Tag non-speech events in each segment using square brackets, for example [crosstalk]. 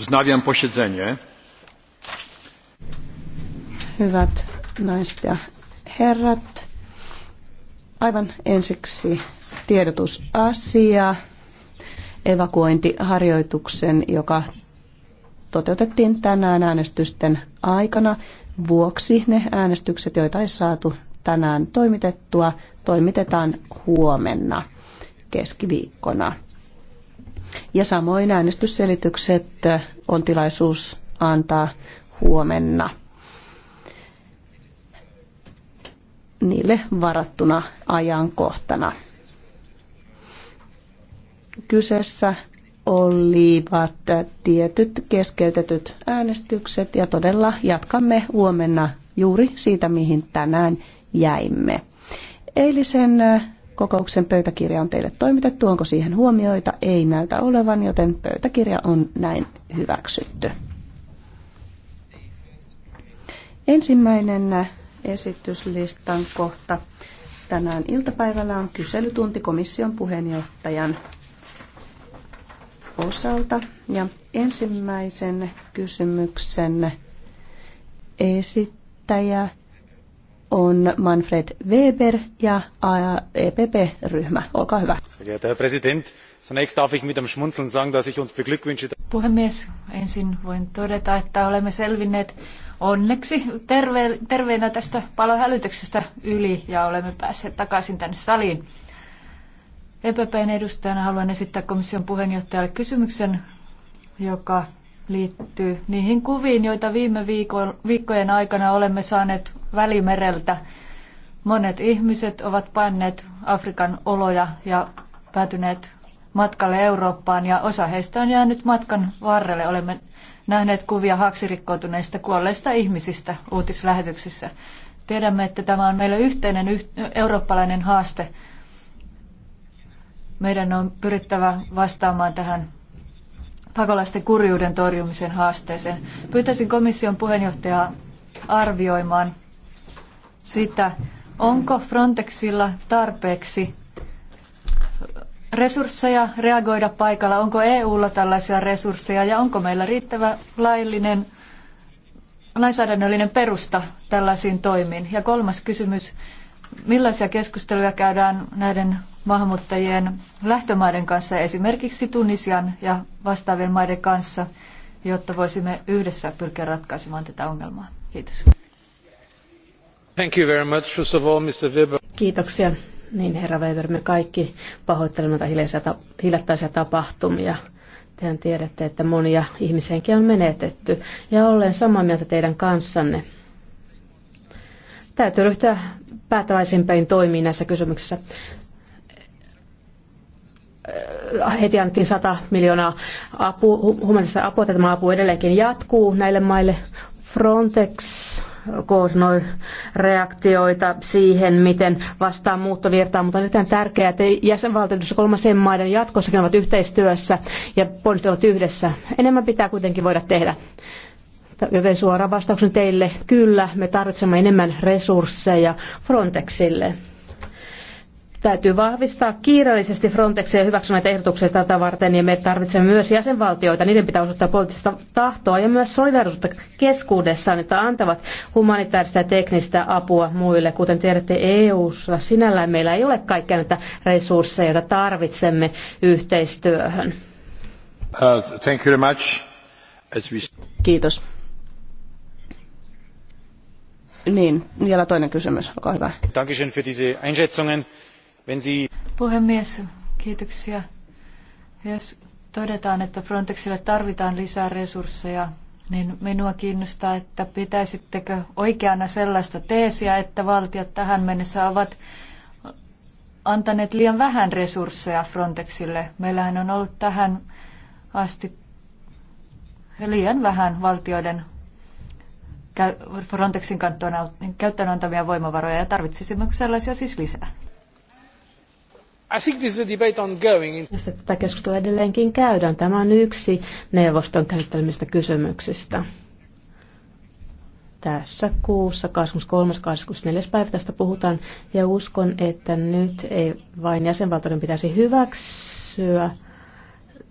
Wznawiam posiedzenie. Hyvät naiset ja herrat, aivan ensiksi tiedotusasia evakuointiharjoituksen, joka toteutettiin tänään äänestysten aikana vuoksi. Ne äänestykset, joita ei saatu tänään toimitettua, toimitetaan huomenna keskiviikkona. Ja samoin äänestysselitykset on tilaisuus antaa huomenna niille varattuna ajankohtana. Kyseessä olivat tietyt keskeytetyt äänestykset ja todella jatkamme huomenna juuri siitä, mihin tänään jäimme. Eilisen kokouksen pöytäkirja on teille toimitettu. Onko siihen huomioita? Ei näytä olevan, joten pöytäkirja on näin hyväksytty. Ensimmäinen esityslistan kohta tänään iltapäivällä on kyselytunti komission puheenjohtajan osalta. Ja ensimmäisen kysymyksen esittäjä on Manfred Weber ja EPP-ryhmä. Olkaa hyvä. Puhemies, ensin voin todeta, että olemme selvinneet onneksi terve, terveenä tästä palohälytyksestä yli ja olemme päässeet takaisin tänne saliin. EPPn edustajana haluan esittää komission puheenjohtajalle kysymyksen, joka liittyy niihin kuviin, joita viime viikon, viikkojen aikana olemme saaneet Välimereltä. Monet ihmiset ovat panneet Afrikan oloja ja päätyneet matkalle Eurooppaan ja osa heistä on jäänyt matkan varrelle. Olemme nähneet kuvia haksirikkoutuneista kuolleista ihmisistä uutislähetyksissä. Tiedämme, että tämä on meille yhteinen eurooppalainen haaste. Meidän on pyrittävä vastaamaan tähän pakolaisten kurjuuden torjumisen haasteeseen. Pyytäisin komission puheenjohtajaa arvioimaan sitä, onko Frontexilla tarpeeksi resursseja reagoida paikalla, onko EUlla tällaisia resursseja ja onko meillä riittävä laillinen lainsäädännöllinen perusta tällaisiin toimiin. Ja kolmas kysymys, millaisia keskusteluja käydään näiden maahanmuuttajien lähtömaiden kanssa, esimerkiksi Tunisian ja vastaavien maiden kanssa, jotta voisimme yhdessä pyrkiä ratkaisemaan tätä ongelmaa. Kiitos. Thank you very much. First of all, Mr. Weber. Kiitoksia. Niin, herra Weber, me kaikki pahoittelemme näitä hiljattaisia tapahtumia. Tehän tiedätte, että monia ihmishenkiä on menetetty. Ja olen samaa mieltä teidän kanssanne. Täytyy ryhtyä päättäväisempiin toimiin näissä kysymyksissä. Äh, heti annettiin 100 miljoonaa apu, humanitaarista apua, että tämä apu edelleenkin jatkuu näille maille. Frontex koordinoi reaktioita siihen, miten vastaan muuttovirtaa, mutta on erittäin tärkeää, että jäsenvaltioissa kolmasen maiden jatkossakin ovat yhteistyössä ja ponnistelut yhdessä. Enemmän pitää kuitenkin voida tehdä. Joten suora vastauksen teille, kyllä, me tarvitsemme enemmän resursseja Frontexille. Täytyy vahvistaa kiireellisesti Frontexia hyväksyneitä ehdotuksia tätä varten, ja me tarvitsemme myös jäsenvaltioita. Niiden pitää osoittaa poliittista tahtoa ja myös solidaarisuutta keskuudessaan, että antavat humanitaarista ja teknistä apua muille. Kuten tiedätte, EU-ssa sinällään meillä ei ole kaikkea näitä resursseja, joita tarvitsemme yhteistyöhön. Uh, thank you very much. we... Kiitos. Niin, vielä toinen kysymys, olkaa hyvä. Dankeschön für diese Einschätzungen. Wenn Puhemies, kiitoksia. Jos todetaan, että Frontexille tarvitaan lisää resursseja, niin minua kiinnostaa, että pitäisittekö oikeana sellaista teesiä, että valtiot tähän mennessä ovat antaneet liian vähän resursseja Frontexille. Meillähän on ollut tähän asti liian vähän valtioiden Frontexin käyttöön antamia voimavaroja ja tarvitsisimmeko sellaisia siis lisää. I think this is a debate ongoing. tätä keskustelua edelleenkin käydään. Tämä on yksi neuvoston käsittelemistä kysymyksistä. Tässä kuussa 23. 24. päivä tästä puhutaan ja uskon, että nyt ei vain jäsenvaltioiden pitäisi hyväksyä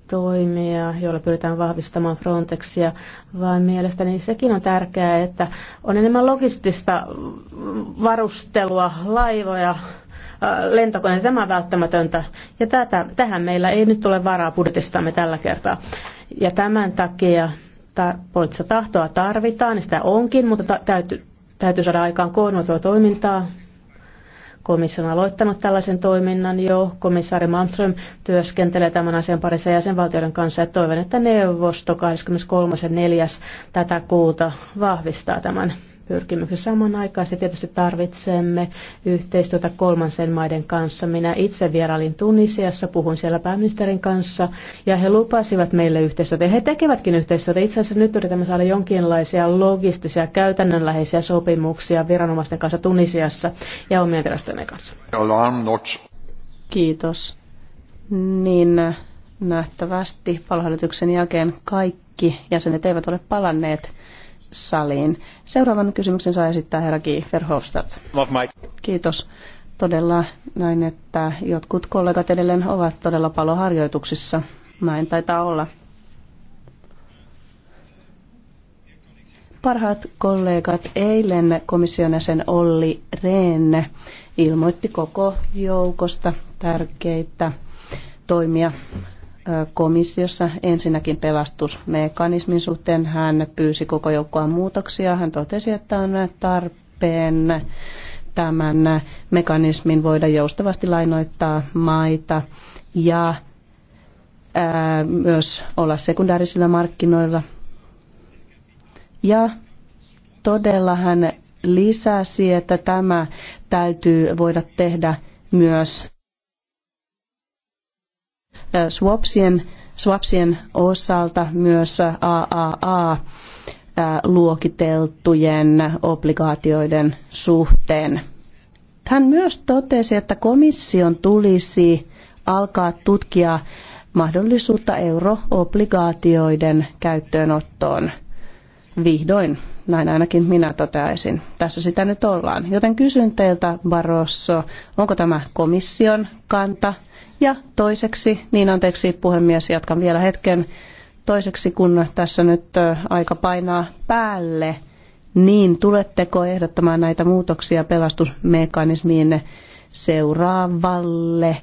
toimia, joilla pyritään vahvistamaan Frontexia, vaan mielestäni sekin on tärkeää, että on enemmän logistista varustelua, laivoja, Äh, lentokone, Tämä on välttämätöntä ja tätä, tähän meillä ei nyt ole varaa budjetistamme tällä kertaa. Ja tämän takia ta- poliittista tahtoa tarvitaan, niin sitä onkin, mutta ta- täytyy, täytyy saada aikaan koordinoitua toimintaa. Komissio on aloittanut tällaisen toiminnan jo. Komissaari Malmström työskentelee tämän asian parissa jäsenvaltioiden kanssa ja toivon, että neuvosto 23.4. tätä kuuta vahvistaa tämän pyrkimyksen samanaikaisesti. Tietysti tarvitsemme yhteistyötä kolmansen maiden kanssa. Minä itse vierailin Tunisiassa, puhun siellä pääministerin kanssa ja he lupasivat meille yhteistyötä. Ja he tekevätkin yhteistyötä. Itse asiassa nyt yritämme saada jonkinlaisia logistisia, käytännönläheisiä sopimuksia viranomaisten kanssa Tunisiassa ja omien virastojen kanssa. Kiitos. Niin nähtävästi palahdotuksen jälkeen kaikki jäsenet eivät ole palanneet saliin. Seuraavan kysymyksen saa esittää herra G. Verhofstadt. Kiitos todella näin, että jotkut kollegat edelleen ovat todella paloharjoituksissa. Näin taitaa olla. Parhaat kollegat, eilen komission jäsen Olli Rehn ilmoitti koko joukosta tärkeitä toimia komissiossa ensinnäkin pelastusmekanismin suhteen. Hän pyysi koko joukkoa muutoksia. Hän totesi, että on tarpeen tämän mekanismin voida joustavasti lainoittaa maita ja ää, myös olla sekundaarisilla markkinoilla. Ja todella hän lisäsi, että tämä täytyy voida tehdä myös swapsien, swapsien osalta myös AAA luokiteltujen obligaatioiden suhteen. Hän myös totesi, että komission tulisi alkaa tutkia mahdollisuutta euroobligaatioiden käyttöönottoon Vihdoin, näin ainakin minä toteaisin. Tässä sitä nyt ollaan. Joten kysyn teiltä, Barroso, onko tämä komission kanta? Ja toiseksi, niin anteeksi puhemies, jatkan vielä hetken. Toiseksi, kun tässä nyt aika painaa päälle, niin tuletteko ehdottamaan näitä muutoksia pelastusmekanismiin seuraavalle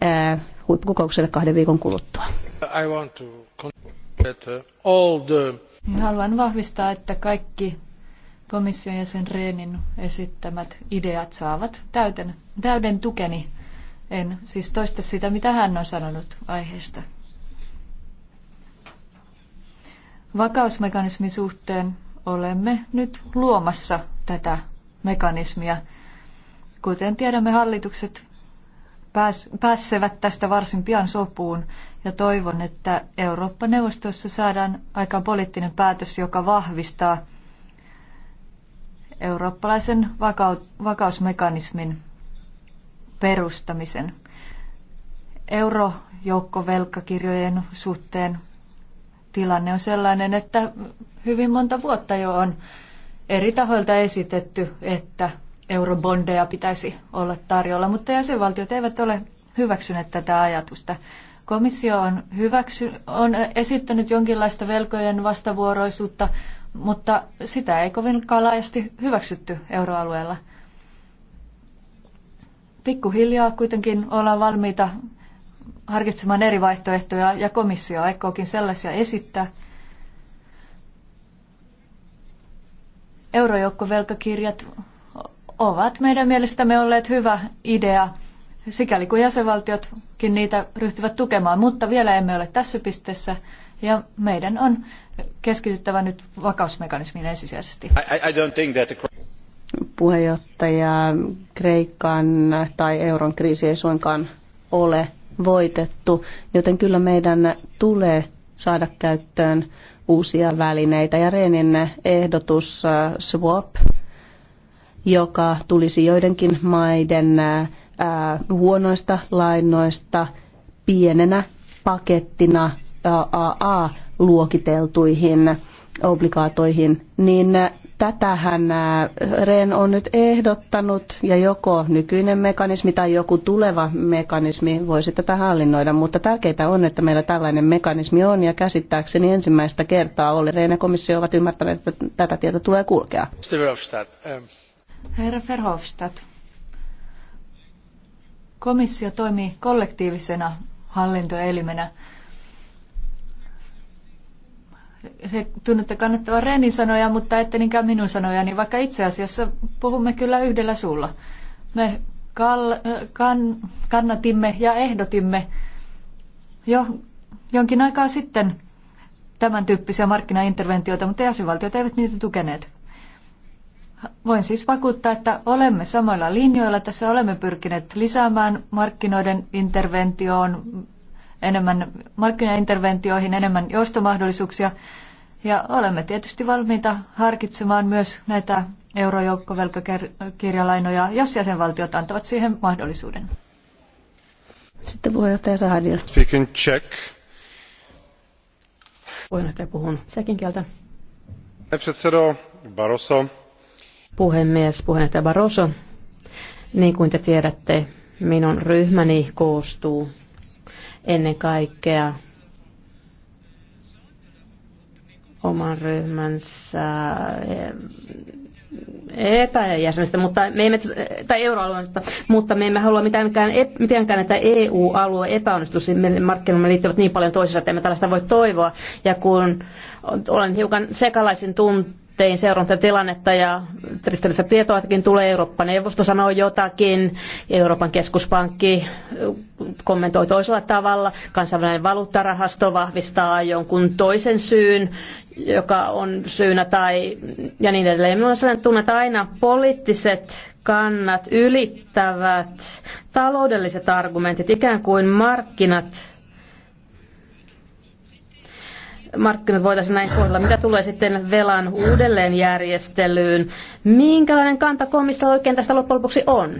ää, huippukokoukselle kahden viikon kuluttua? I want to uh, all the niin haluan vahvistaa, että kaikki komission sen Reenin esittämät ideat saavat täyden, täyden tukeni. En siis toista sitä, mitä hän on sanonut aiheesta. Vakausmekanismin suhteen olemme nyt luomassa tätä mekanismia. Kuten tiedämme, hallitukset pääs, pääsevät tästä varsin pian sopuun ja toivon, että Eurooppa-neuvostossa saadaan aikaan poliittinen päätös, joka vahvistaa eurooppalaisen vakausmekanismin perustamisen. Eurojoukkovelkakirjojen suhteen tilanne on sellainen, että hyvin monta vuotta jo on eri tahoilta esitetty, että eurobondeja pitäisi olla tarjolla, mutta jäsenvaltiot eivät ole hyväksyneet tätä ajatusta. Komissio on, hyväksy, on esittänyt jonkinlaista velkojen vastavuoroisuutta, mutta sitä ei kovinkaan laajasti hyväksytty euroalueella. Pikkuhiljaa kuitenkin ollaan valmiita harkitsemaan eri vaihtoehtoja ja komissio aikookin sellaisia esittää. Eurojoukkovelkakirjat ovat meidän mielestämme olleet hyvä idea, sikäli kuin jäsenvaltiotkin niitä ryhtyvät tukemaan, mutta vielä emme ole tässä pisteessä ja meidän on keskityttävä nyt vakausmekanismiin ensisijaisesti. I, I the... Puheenjohtaja, Kreikan tai euron kriisi ei suinkaan ole voitettu, joten kyllä meidän tulee saada käyttöön uusia välineitä. Ja Reenin ehdotus äh, swap joka tulisi joidenkin maiden huonoista lainoista pienenä pakettina AAA-luokiteltuihin obligaatoihin, niin tätähän Ren on nyt ehdottanut ja joko nykyinen mekanismi tai joku tuleva mekanismi voisi tätä hallinnoida, mutta tärkeintä on, että meillä tällainen mekanismi on ja käsittääkseni ensimmäistä kertaa oli Ren ja komissio ovat ymmärtäneet, että tätä tietä tulee kulkea. Herra Verhofstadt, komissio toimii kollektiivisena hallintoelimenä. Se tunnette kannattavan Renin sanoja, mutta ette niinkään minun niin vaikka itse asiassa puhumme kyllä yhdellä suulla. Me kal- kan- kannatimme ja ehdotimme jo jonkin aikaa sitten tämän tyyppisiä markkinainterventioita, mutta jäsenvaltiot eivät niitä tukeneet. Voin siis vakuuttaa, että olemme samoilla linjoilla. Tässä olemme pyrkineet lisäämään markkinoiden interventioon enemmän, markkinainterventioihin enemmän joustomahdollisuuksia. Ja olemme tietysti valmiita harkitsemaan myös näitä eurojoukkovelkakirjalainoja, jos jäsenvaltiot antavat siihen mahdollisuuden. Sitten puheenjohtaja Sahadil. Speaking Czech. Puheenjohtaja puhun tsekin kieltä. Barroso, Puhemies, puheenjohtaja Barroso, niin kuin te tiedätte, minun ryhmäni koostuu ennen kaikkea oman ryhmänsä epäjäsenistä, eh, mutta me emme, tai euroalueesta, mutta me emme halua mitenkään, mitenkään että EU-alue epäonnistuisi. Markkinoimme liittyvät niin paljon toisiinsa, että emme tällaista voi toivoa. Ja kun olen hiukan sekalaisin tuntuu, tein seurantatilannetta ja tietoa, tietoakin tulee. Eurooppa-neuvosto sanoo jotakin, Euroopan keskuspankki äh, kommentoi toisella tavalla, kansainvälinen valuuttarahasto vahvistaa jonkun toisen syyn, joka on syynä tai ja niin edelleen. Minulla on sellainen tunne, että aina poliittiset kannat ylittävät taloudelliset argumentit, ikään kuin markkinat markkinat voitaisiin näin kohdella. Mitä tulee sitten velan uudelleenjärjestelyyn, minkälainen kanta komissio oikein tästä loppujen lopuksi on?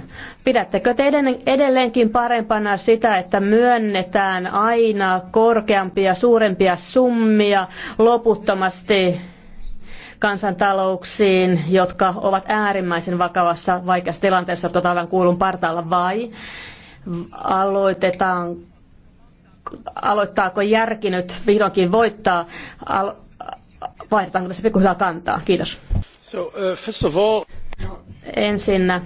Pidättekö te edelleenkin parempana sitä, että myönnetään aina korkeampia, suurempia summia loputtomasti kansantalouksiin, jotka ovat äärimmäisen vakavassa vaikeassa tilanteessa, tuota kuulun partaalla, vai aloitetaan aloittaako järki nyt vihdoinkin voittaa? Al- vaihdetaanko tässä pikkuhiljaa kantaa? Kiitos. So, uh, first of all... no, ensinnä,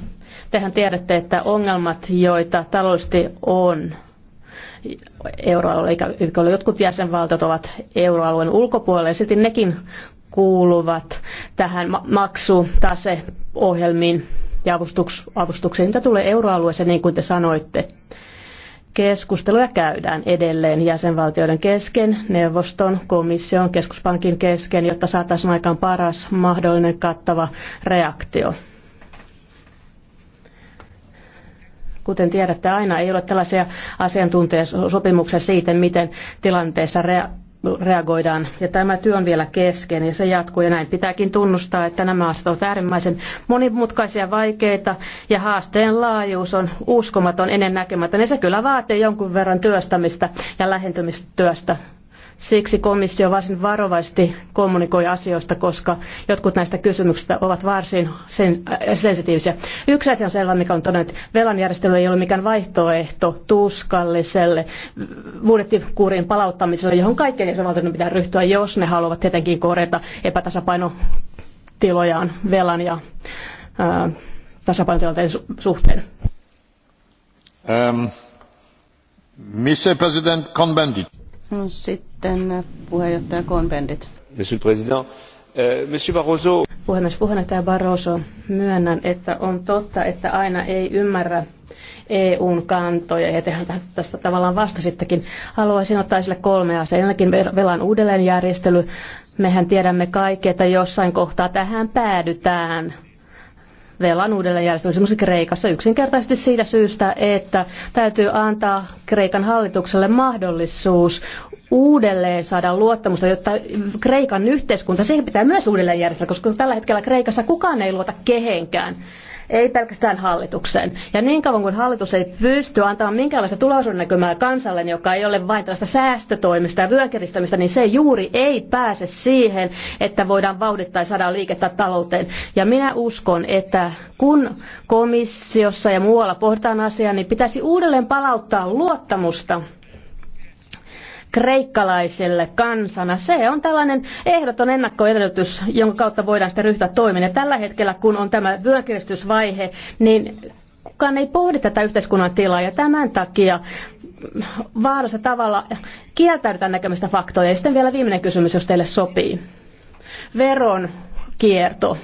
tehän tiedätte, että ongelmat, joita taloudellisesti on, euroalueella, eikä ole jotkut jäsenvaltiot ovat euroalueen ulkopuolella, ja silti nekin kuuluvat tähän maksutaseohjelmiin ja avustuksiin, mitä tulee euroalueeseen, niin kuin te sanoitte. Keskusteluja käydään edelleen jäsenvaltioiden kesken, neuvoston, komission, keskuspankin kesken, jotta saataisiin aikaan paras mahdollinen kattava reaktio. Kuten tiedätte, aina ei ole tällaisia asiantuntijasopimuksia siitä, miten tilanteessa rea- reagoidaan. Ja tämä työ on vielä kesken ja se jatkuu ja näin pitääkin tunnustaa, että nämä asiat ovat äärimmäisen monimutkaisia, vaikeita ja haasteen laajuus on uskomaton, ennen näkemätön ja se kyllä vaatii jonkun verran työstämistä ja lähentymistyöstä Siksi komissio varsin varovaisesti kommunikoi asioista, koska jotkut näistä kysymyksistä ovat varsin sen, äh, sensitiivisiä. Yksi asia on selvä, mikä on todennut, että velan järjestely ei ole mikään vaihtoehto tuskalliselle budjettikuurin palauttamiselle, johon kaikkien jäsenvaltioiden pitää ryhtyä, jos ne haluavat tietenkin korjata epätasapainotilojaan velan ja äh, tasapainotilanteen suhteen. Um, ähm, Mr. President no Sitten sitten puheenjohtaja Konbendit. Monsieur le Président, euh, Monsieur Barroso. Puhemies, puheenjohtaja Barroso, myönnän, että on totta, että aina ei ymmärrä EUn kantoja, ja tehän tästä tavallaan vastasittekin. Haluaisin ottaa esille kolme asiaa. Ensinnäkin velan uudelleenjärjestely. Mehän tiedämme kaikki, että jossain kohtaa tähän päädytään velan uudelleenjärjestelmä esimerkiksi Kreikassa yksinkertaisesti siitä syystä, että täytyy antaa Kreikan hallitukselle mahdollisuus uudelleen saada luottamusta, jotta Kreikan yhteiskunta, siihen pitää myös uudelleen järjestää, koska tällä hetkellä Kreikassa kukaan ei luota kehenkään ei pelkästään hallitukseen. Ja niin kauan kuin hallitus ei pysty antamaan minkäänlaista tulevaisuuden näkymää kansalle, joka ei ole vain tällaista säästötoimista ja vyönkiristämistä, niin se juuri ei pääse siihen, että voidaan vauhdittaa ja saada liikettä talouteen. Ja minä uskon, että kun komissiossa ja muualla pohditaan asiaa, niin pitäisi uudelleen palauttaa luottamusta kreikkalaiselle kansana. Se on tällainen ehdoton ennakkoedellytys, jonka kautta voidaan sitä ryhtyä toimiin. Ja tällä hetkellä, kun on tämä vyönkiristysvaihe, niin kukaan ei pohdi tätä yhteiskunnan tilaa ja tämän takia vaarassa tavalla kieltäydytään näkemästä faktoja. Ja sitten vielä viimeinen kysymys, jos teille sopii. Veron kierto.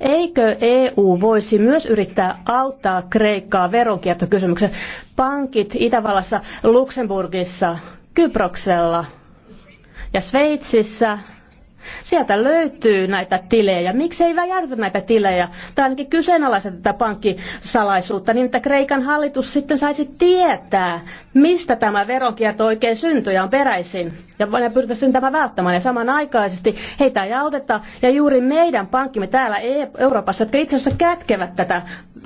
Eikö EU voisi myös yrittää auttaa Kreikkaa veronkiertokysymyksen? Pankit Itävallassa, Luxemburgissa, Kyproksella ja Sveitsissä. Sieltä löytyy näitä tilejä. Miksi ei jäädytä näitä tilejä? Tai ainakin kyseenalaista tätä pankkisalaisuutta niin, että Kreikan hallitus sitten saisi tietää, mistä tämä veronkierto oikein syntyy ja on peräisin. Ja pyritäisiin tämä välttämään. Ja samanaikaisesti heitä ei auteta. Ja juuri meidän pankkimme täällä e- Euroopassa, jotka itse asiassa kätkevät tätä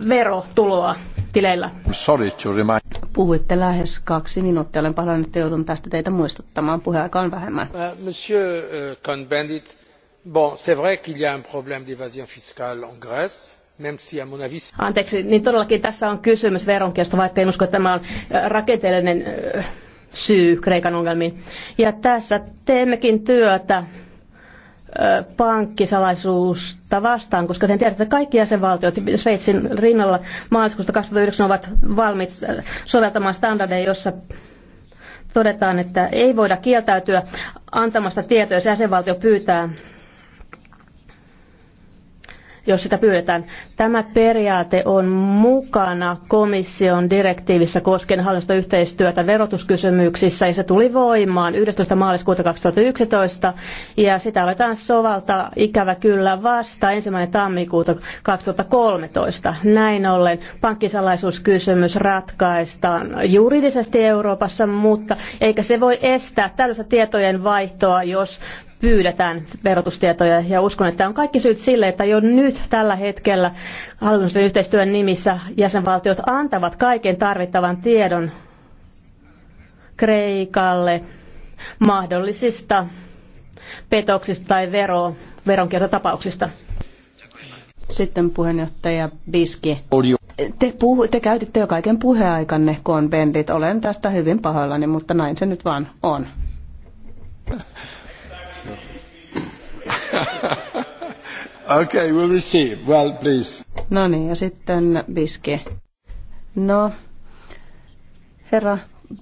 verotuloa tileillä. Sorry to remind. Puhuitte lähes kaksi minuuttia. Olen pahoillani, että joudun tästä teitä muistuttamaan. Puheaika on vähemmän. Euh, monsieur euh, Cohn-Bendit, bon, c'est vrai qu'il y a un problème d'évasion fiscale en Grèce. Anteeksi, niin todellakin tässä on kysymys veronkiosta, vaikka en usko, että tämä on äh, rakenteellinen äh, syy Kreikan ongelmiin. Ja tässä teemmekin työtä pankkisalaisuusta vastaan, koska te tiedätte, että kaikki jäsenvaltiot Sveitsin rinnalla maaliskuusta 2009 ovat valmiit soveltamaan standardeja, jossa todetaan, että ei voida kieltäytyä antamasta tietoja, jos jäsenvaltio pyytää jos sitä pyydetään. Tämä periaate on mukana komission direktiivissä koskien hallinnosta yhteistyötä verotuskysymyksissä ja se tuli voimaan 11. maaliskuuta 2011 ja sitä aletaan sovalta ikävä kyllä vasta ensimmäinen tammikuuta 2013. Näin ollen pankkisalaisuuskysymys ratkaistaan juridisesti Euroopassa, mutta eikä se voi estää tällaista tietojen vaihtoa, jos pyydetään verotustietoja ja uskon, että on kaikki syyt sille, että jo nyt tällä hetkellä hallitusten yhteistyön nimissä jäsenvaltiot antavat kaiken tarvittavan tiedon Kreikalle mahdollisista petoksista tai vero, veronkiertotapauksista. Sitten puheenjohtaja Biski. Te, puhu, te käytitte jo kaiken puheaikanne, bendit Olen tästä hyvin pahoillani, mutta näin se nyt vaan on. [laughs] okay, we'll receive. Well, please. No niin, ja sitten Biske. No, herra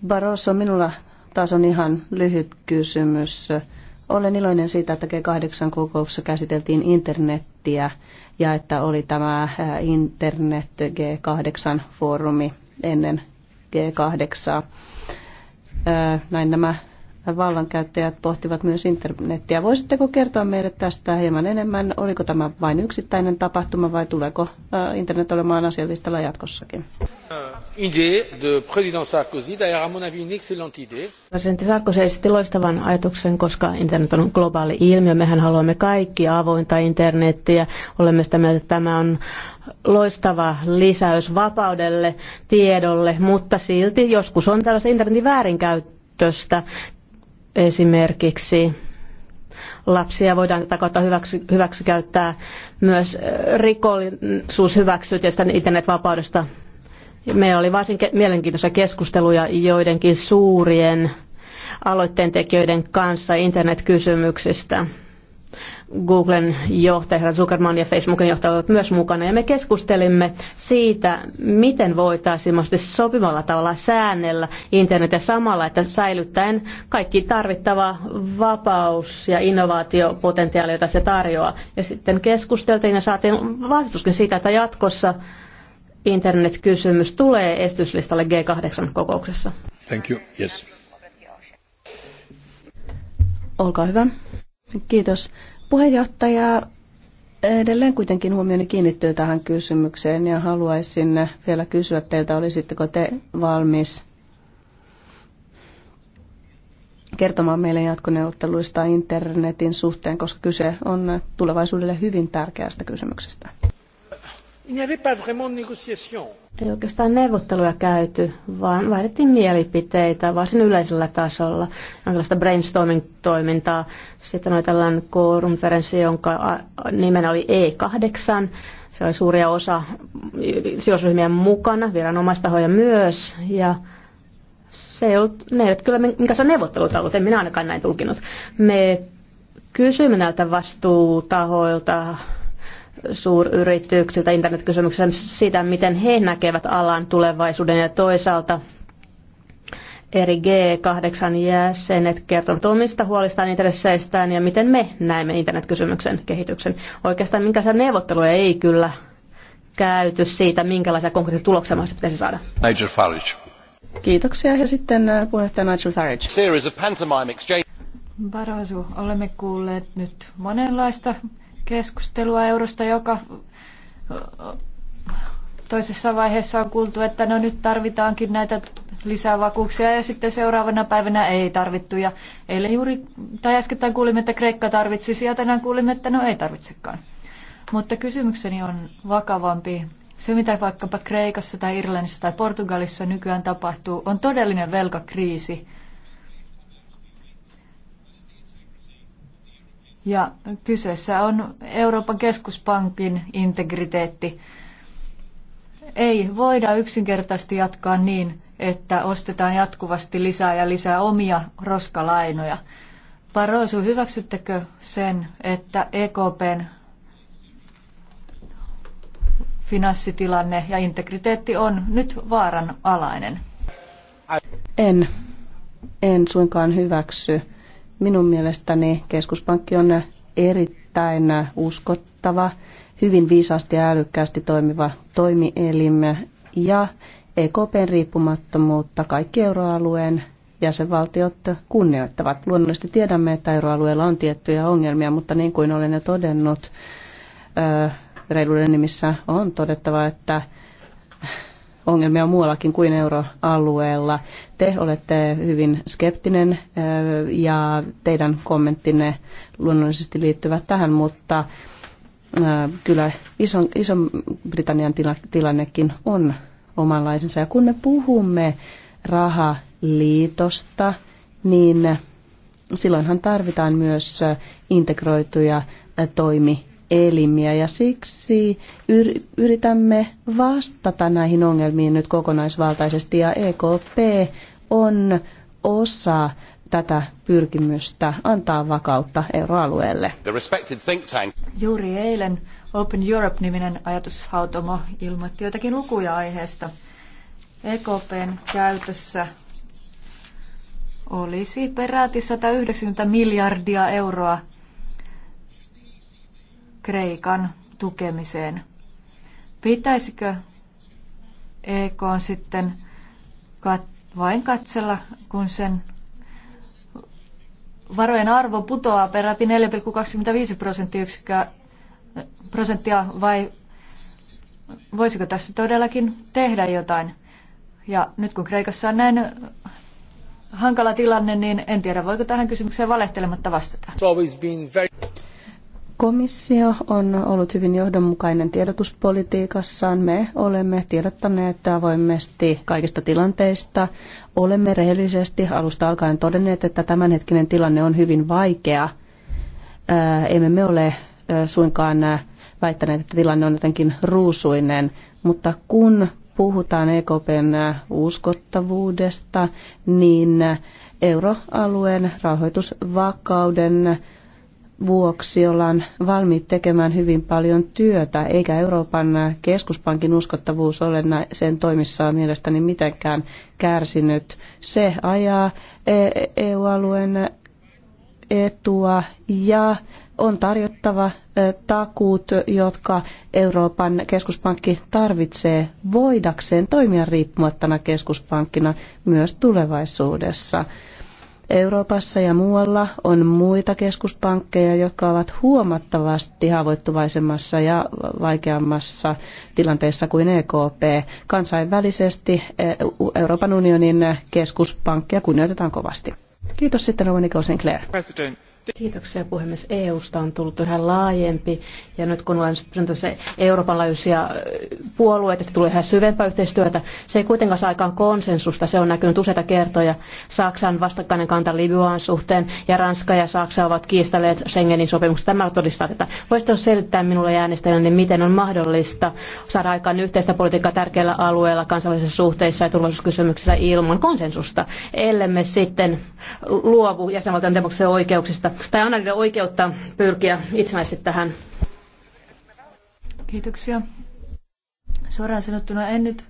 Barroso, minulla taas on ihan lyhyt kysymys. Olen iloinen siitä, että G8-kokouksessa käsiteltiin internettiä ja että oli tämä äh, internet G8-foorumi ennen G8. Äh, näin nämä vallankäyttäjät pohtivat myös internettiä. Voisitteko kertoa meille tästä hieman enemmän? Oliko tämä vain yksittäinen tapahtuma vai tuleeko äh, internet olemaan asialistalla jatkossakin? Äh, Sarkozy, Presidentti Sarkozy esitti loistavan ajatuksen, koska internet on globaali ilmiö. Mehän haluamme kaikki avointa internettiä. Olemme sitä mieltä, että tämä on loistava lisäys vapaudelle, tiedolle, mutta silti joskus on tällaista internetin väärinkäyttöä Esimerkiksi lapsia voidaan tätä kautta hyväksy, hyväksikäyttää myös rikollisuus hyväksyy tästä internetvapaudesta. Meillä oli varsin mielenkiintoisia keskusteluja joidenkin suurien aloitteentekijöiden kanssa internetkysymyksistä. Googlen johtaja herra Zuckerman ja Facebookin johtaja ovat myös mukana. Ja me keskustelimme siitä, miten voitaisiin sopivalla tavalla säännellä internet samalla, että säilyttäen kaikki tarvittava vapaus ja innovaatiopotentiaali, jota se tarjoaa. Ja sitten keskusteltiin ja saatiin vahvistuskin siitä, että jatkossa internetkysymys tulee estyslistalle G8-kokouksessa. Thank you. Yes. Olkaa hyvä. Kiitos. Puheenjohtaja, edelleen kuitenkin huomioni kiinnittyy tähän kysymykseen ja haluaisin vielä kysyä teiltä, olisitteko te valmis kertomaan meille jatkoneuvotteluista internetin suhteen, koska kyse on tulevaisuudelle hyvin tärkeästä kysymyksestä. Ei oikeastaan neuvotteluja käyty, vaan vaihdettiin mielipiteitä varsin yleisellä tasolla, jonkinlaista brainstorming-toimintaa. Sitten oli tällainen konferenssi, jonka nimenä oli E8. Se oli suuria osa sidosryhmien mukana, viranomaistahoja myös, ja se ei ollut, ne eivät kyllä minkälaisia neuvottelut ollut, en minä ainakaan näin tulkinut. Me kysyimme näiltä vastuutahoilta suuryrityksiltä internetkysymyksiä sitä, miten he näkevät alan tulevaisuuden ja toisaalta eri G8 jäsenet kertovat omista huolistaan, intresseistään ja miten me näemme internetkysymyksen kehityksen. Oikeastaan minkälaisia neuvotteluja ei kyllä käyty siitä, minkälaisia konkreettisia tuloksia mahdollisesti pitäisi saada. Nigel Farage. Kiitoksia ja sitten äh, puheenjohtaja Nigel Farage. Series of pantomime exchange. Barasu, olemme kuulleet nyt monenlaista keskustelua eurosta, joka toisessa vaiheessa on kuultu, että no nyt tarvitaankin näitä lisävakuuksia ja sitten seuraavana päivänä ei tarvittu. Ja eilen juuri, tai äskettäin kuulimme, että Kreikka tarvitsisi ja tänään kuulimme, että no ei tarvitsekaan. Mutta kysymykseni on vakavampi. Se, mitä vaikkapa Kreikassa tai Irlannissa tai Portugalissa nykyään tapahtuu, on todellinen velkakriisi – Ja kyseessä on Euroopan keskuspankin integriteetti. Ei voida yksinkertaisesti jatkaa niin, että ostetaan jatkuvasti lisää ja lisää omia roskalainoja. Parosu, hyväksyttekö sen, että EKPn finanssitilanne ja integriteetti on nyt vaaran alainen? En. En suinkaan hyväksy Minun mielestäni keskuspankki on erittäin uskottava, hyvin viisaasti ja älykkäästi toimiva toimielim ja EKPn riippumattomuutta kaikki euroalueen jäsenvaltiot kunnioittavat. Luonnollisesti tiedämme, että euroalueella on tiettyjä ongelmia, mutta niin kuin olen jo todennut, reiluuden nimissä on todettava, että ongelmia muuallakin kuin euroalueella. Te olette hyvin skeptinen ja teidän kommenttinne luonnollisesti liittyvät tähän, mutta kyllä ison, ison Britannian tilannekin on omanlaisensa. Ja kun me puhumme rahaliitosta, niin silloinhan tarvitaan myös integroituja toimi elimiä ja siksi yritämme vastata näihin ongelmiin nyt kokonaisvaltaisesti ja EKP on osa tätä pyrkimystä antaa vakautta euroalueelle. Juuri eilen Open Europe-niminen ajatushautomo ilmoitti joitakin lukuja aiheesta. EKPn käytössä olisi peräti 190 miljardia euroa Kreikan tukemiseen. Pitäisikö EK on sitten kat- vain katsella, kun sen varojen arvo putoaa peräti 4,25 prosenttiyksikköä prosenttia vai voisiko tässä todellakin tehdä jotain? Ja nyt kun Kreikassa on näin hankala tilanne, niin en tiedä voiko tähän kysymykseen valehtelematta vastata. Komissio on ollut hyvin johdonmukainen tiedotuspolitiikassaan. Me olemme tiedottaneet avoimesti kaikista tilanteista. Olemme rehellisesti alusta alkaen todenneet, että tämänhetkinen tilanne on hyvin vaikea. Emme me ole suinkaan väittäneet, että tilanne on jotenkin ruusuinen, mutta kun puhutaan EKPn uskottavuudesta, niin euroalueen rahoitusvakauden vuoksi ollaan valmiit tekemään hyvin paljon työtä, eikä Euroopan keskuspankin uskottavuus ole sen toimissaan mielestäni mitenkään kärsinyt. Se ajaa e- EU-alueen etua ja on tarjottava e, takuut, jotka Euroopan keskuspankki tarvitsee voidakseen toimia riippumattana keskuspankkina myös tulevaisuudessa. Euroopassa ja muualla on muita keskuspankkeja, jotka ovat huomattavasti haavoittuvaisemmassa ja vaikeammassa tilanteessa kuin EKP. Kansainvälisesti eh, Euroopan unionin keskuspankkeja kunnioitetaan kovasti. Kiitos sitten Ova Claire. President. Kiitoksia puhemies. EUsta on tullut yhä laajempi ja nyt kun olen Euroopan laajuisia puolueita, että tulee yhä syvempää yhteistyötä. Se ei kuitenkaan saa aikaan konsensusta, se on näkynyt useita kertoja. Saksan vastakkainen kanta Libyan suhteen ja Ranska ja Saksa ovat kiistelleet Schengenin sopimuksesta. Tämä todistaa tätä. Voisitko selittää minulle äänestäjille, niin miten on mahdollista saada aikaan yhteistä politiikkaa tärkeillä alueilla, kansallisissa suhteissa ja turvallisuuskysymyksissä ilman konsensusta, ellemme sitten luovu jäsenvaltion demokratian oikeuksista tai anna niille oikeutta pyrkiä itsenäisesti tähän. Kiitoksia. Suoraan sanottuna en nyt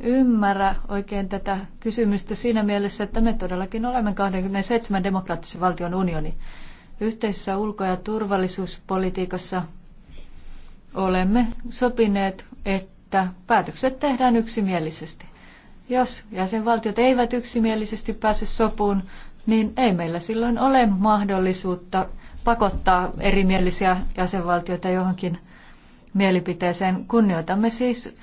ymmärrä oikein tätä kysymystä siinä mielessä, että me todellakin olemme 27 demokraattisen valtion unioni. Yhteisessä ulko- ja turvallisuuspolitiikassa olemme sopineet, että päätökset tehdään yksimielisesti. Jos jäsenvaltiot eivät yksimielisesti pääse sopuun, niin ei meillä silloin ole mahdollisuutta pakottaa erimielisiä jäsenvaltioita johonkin mielipiteeseen. Kunnioitamme siis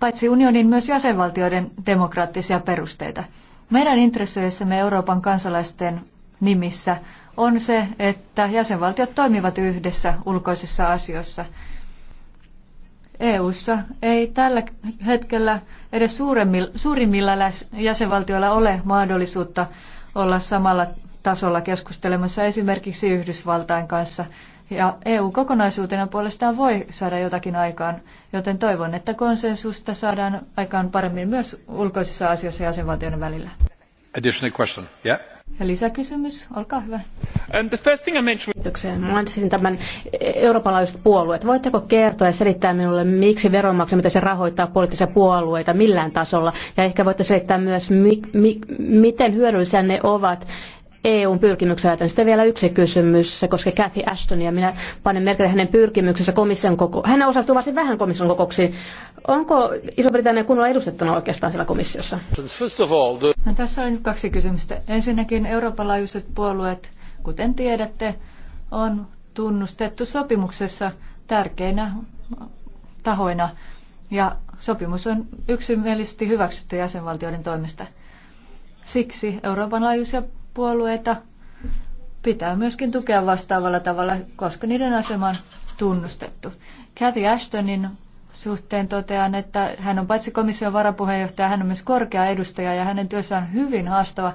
paitsi unionin myös jäsenvaltioiden demokraattisia perusteita. Meidän intresseissämme Euroopan kansalaisten nimissä on se, että jäsenvaltiot toimivat yhdessä ulkoisissa asioissa – EU:ssa ei tällä hetkellä edes suurimmilla jäsenvaltioilla ole mahdollisuutta olla samalla tasolla keskustelemassa esimerkiksi Yhdysvaltain kanssa. Ja EU kokonaisuutena puolestaan voi saada jotakin aikaan, joten toivon, että konsensusta saadaan aikaan paremmin myös ulkoisissa asioissa jäsenvaltioiden välillä. Additional question. Yeah. Lisäkysymys, olkaa hyvä. And um, the first thing I mentioned... Kiitoksia. Mainitsin tämän Euroopan laajuiset puolueet. Voitteko kertoa ja selittää minulle, miksi veronmaksaja se rahoittaa poliittisia puolueita millään tasolla? Ja ehkä voitte selittää myös, mi- mi- miten hyödyllisiä ne ovat EUn pyrkimyksellä. ajatellen. Sitten vielä yksi kysymys, se koskee Cathy Ashtonia. Minä panen merkille hänen pyrkimyksensä komission koko... Hän osallistuu varsin vähän komission kokouksiin. Onko Iso-Britannia kunnolla edustettuna oikeastaan siellä komissiossa? No, tässä on nyt kaksi kysymystä. Ensinnäkin Euroopan laajuiset puolueet, kuten tiedätte, on tunnustettu sopimuksessa tärkeinä tahoina ja sopimus on yksimielisesti hyväksytty jäsenvaltioiden toimesta. Siksi Euroopan laajuisia puolueita pitää myöskin tukea vastaavalla tavalla, koska niiden asema on tunnustettu. Kathy Ashtonin suhteen totean, että hän on paitsi komission varapuheenjohtaja, hän on myös korkea edustaja ja hänen työssään on hyvin haastava.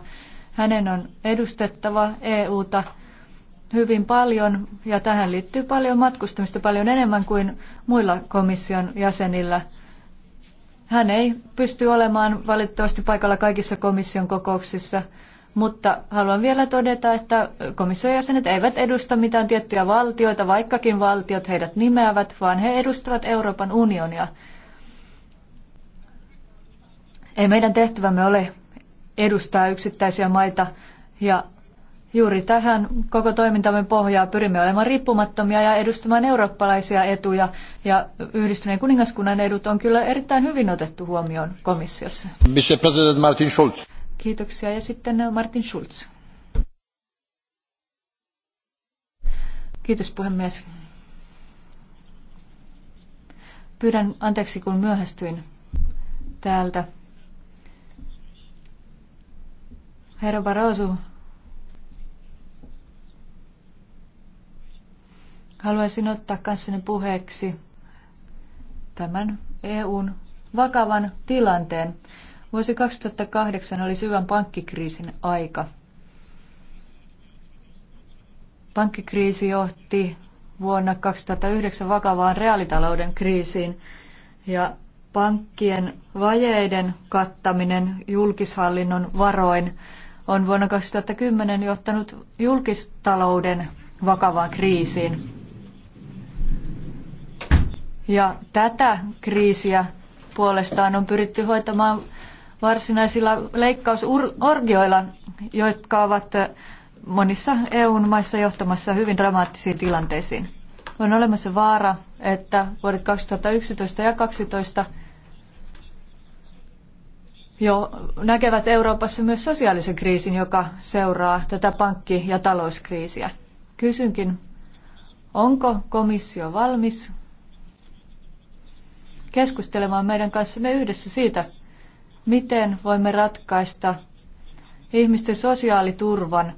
Hänen on edustettava EUta hyvin paljon ja tähän liittyy paljon matkustamista paljon enemmän kuin muilla komission jäsenillä. Hän ei pysty olemaan valitettavasti paikalla kaikissa komission kokouksissa – mutta haluan vielä todeta, että komission jäsenet eivät edusta mitään tiettyjä valtioita, vaikkakin valtiot heidät nimeävät, vaan he edustavat Euroopan unionia. Ei meidän tehtävämme ole edustaa yksittäisiä maita ja juuri tähän koko toimintamme pohjaa pyrimme olemaan riippumattomia ja edustamaan eurooppalaisia etuja ja yhdistyneen kuningaskunnan edut on kyllä erittäin hyvin otettu huomioon komissiossa. Mr. President Martin Schulz. Kiitoksia. Ja sitten Martin Schulz. Kiitos puhemies. Pyydän anteeksi, kun myöhästyin täältä. Herra Barroso, haluaisin ottaa kanssani puheeksi tämän EUn vakavan tilanteen. Vuosi 2008 oli syvän pankkikriisin aika. Pankkikriisi johti vuonna 2009 vakavaan reaalitalouden kriisiin ja pankkien vajeiden kattaminen julkishallinnon varoin on vuonna 2010 johtanut julkistalouden vakavaan kriisiin. Ja tätä kriisiä puolestaan on pyritty hoitamaan varsinaisilla leikkausorgioilla, jotka ovat monissa eu maissa johtamassa hyvin dramaattisiin tilanteisiin. On olemassa vaara, että vuodet 2011 ja 2012 jo näkevät Euroopassa myös sosiaalisen kriisin, joka seuraa tätä pankki- ja talouskriisiä. Kysynkin, onko komissio valmis keskustelemaan meidän kanssamme yhdessä siitä, miten voimme ratkaista ihmisten sosiaaliturvan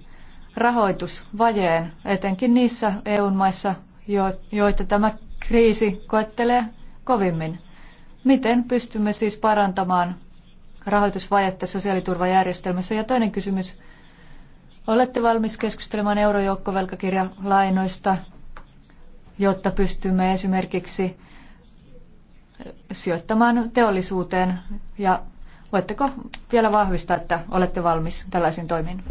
rahoitusvajeen, etenkin niissä EU-maissa, joita tämä kriisi koettelee kovimmin. Miten pystymme siis parantamaan rahoitusvajetta sosiaaliturvajärjestelmässä? Ja toinen kysymys. Olette valmis keskustelemaan eurojoukkovelkakirjalainoista, jotta pystymme esimerkiksi sijoittamaan teollisuuteen ja Voitteko vielä vahvistaa, että olette valmis tällaisiin toimiin?